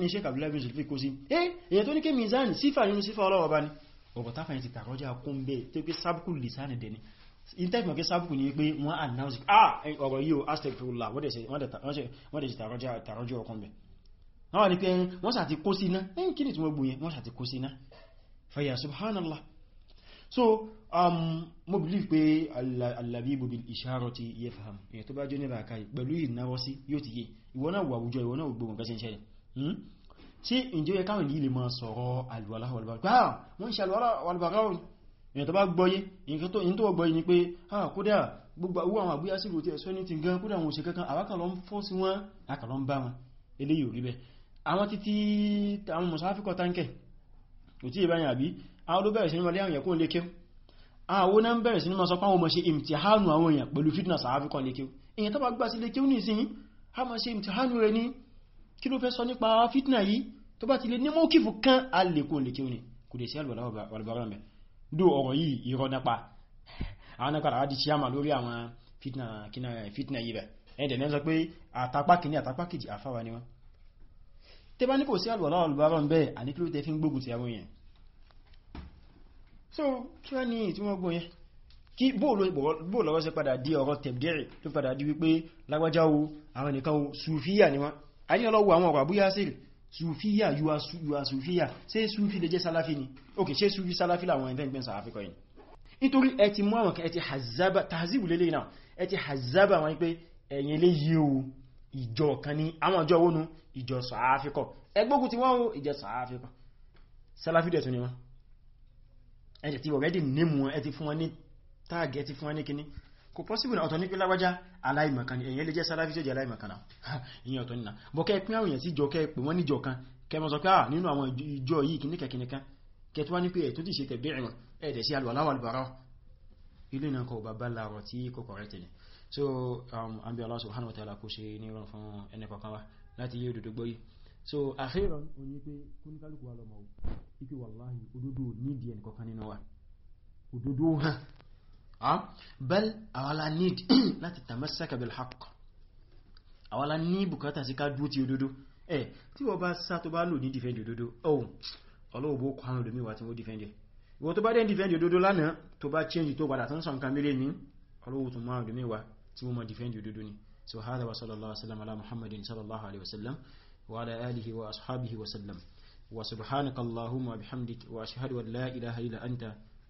ni ṣe kàbílẹ̀ bí ọ̀rọ̀ táfàyẹ̀ ti tàrọjá kún bẹ́ tó pé sábùkù lìsánì dẹni intẹ́gbọ̀n kí sábùkù ní pé wọ́n announce ah ọ̀rọ̀ yíò astagfirullah wọ́n dẹ̀ sí tàrọjá ọkún bẹ́ wọ́n wà ní pé wọ́n sàti kó síná ẹn kí ní tí wọ́n gbóyẹ wọ́n sàti kó síná fàyà subhanallah so um, mo believe pé al-labibu bil isharati yafham èyàn tó bá jẹ́ nílà àkáyì pẹ̀lú ìnáwọ́sí yóò ti yé ìwọ́n náà tí ìjọ yẹ káwọn yìí lè máa sọ̀rọ̀ alwala walbara ah, wọ́n ṣe alwala walbara èyàn tó bá ah kódà gbogbo owó àwọn àgbéyà sílò tí ẹ̀sọ́ ní ti gan kódà wọn ò ṣe kankan àwákan lọ ń fọ́ sí wọn àkà lọ ń bá wọn eléyìí ò rí bẹ́ẹ̀ àwọn títí àwọn mùsàáfíkọ̀ táǹkẹ̀ kò tí ìbáyìn àbí àwọn ló bẹ̀rẹ̀ sí ní mọ̀lẹ́ àwọn ẹ̀kún lékẹ́ àwọn náà bẹ̀rẹ̀ sí ní sọ páwọn mọ̀ṣe imtihanu àwọn èèyàn kí ló fẹ́ sọ nípa fitna yìí tó bá ti lè ní mọ́kífù kan a lè kó lè kí o ní kò dẹ̀ sí alwala wàlùbára mẹ́ dó ọ̀rọ̀ fitna yìí rẹ̀ ẹ̀dẹ̀ ní sọ pé àtàpá kìíní àtàpá kejì àfáwa ni wọ́n tẹ́ bá ní kò sí so kí wá ní ìtumọ̀ gbọ́ yẹn kí bóòlọ́wọ́ sí padà di ọ̀rọ̀ tẹ̀bdẹ̀rẹ̀ tó padà di wípé lágbájá o àwọn nìkan ayé ọlọ́wọ́ àwọn ọ̀rọ̀ àbúyá sí sùfíyà yíwa sùfíyà ṣe sùfí lè jẹ́ sálàfí ni ok ṣe sùfí sálàfí làwọn ẹgbẹ́gbẹ́ South Africa yìí nítorí ẹ ti mú àwọn ẹ ti hazaba tàzíbù lélẹ̀ náà ẹ ti hazaba wọn pé ẹ̀yìn lè yí o ìjọ kan ní àwọn ọjọ́ wónú ìjọ South Africa ẹgbógun ti wọ́n o ìjọ South Africa sálàfí dẹ̀ tún ni wọ́n ẹ kò pọ́síbù náà ọ̀tọ̀ ní pé lágbájá aláìmọ̀kan ni èyàn lè jẹ́ sáláfí tó jẹ́ aláìmọ̀kan náà ìyẹn ọ̀tọ̀ nínà bọ́ kẹ́ pín àwọn èyàn sí jọ kẹ́ pè wọ́n níjọ kan kẹ́ mọ́ sọ pé à ah, nínú àwọn ìjọ yìí kìíní kẹ́kìíní kan so an bí Allah subhanahu wa ta'ala kó ṣe ní ìrọ̀n wa láti yé òdodo so àfihàn oní pé kóníkálùkù wa lọ́mọ ike wàláhì òdodo nídìí ẹnì kọ̀ọ̀kan nínú wa bẹ́ẹ̀ àwàlá need láti tamassaka bil haqq àwàlá ní bùkátà sí ká dúó ti òdodo ẹ̀ tí wọ́n bá sá tó bá lò ní defend òdodo ohun ọlọ́wọ́ bó kọ́ àwọn olómi wà tí wọ́n defend ẹ̀ ìwọ́n tó bá dẹ́ defend òdodo lánàá tó bá change tó padà tán sọ̀nkan mẹ́rẹ́ ní ọlọ́wọ́ tó máa olómi wà tí wọ́n mọ̀ defend òdodo ni so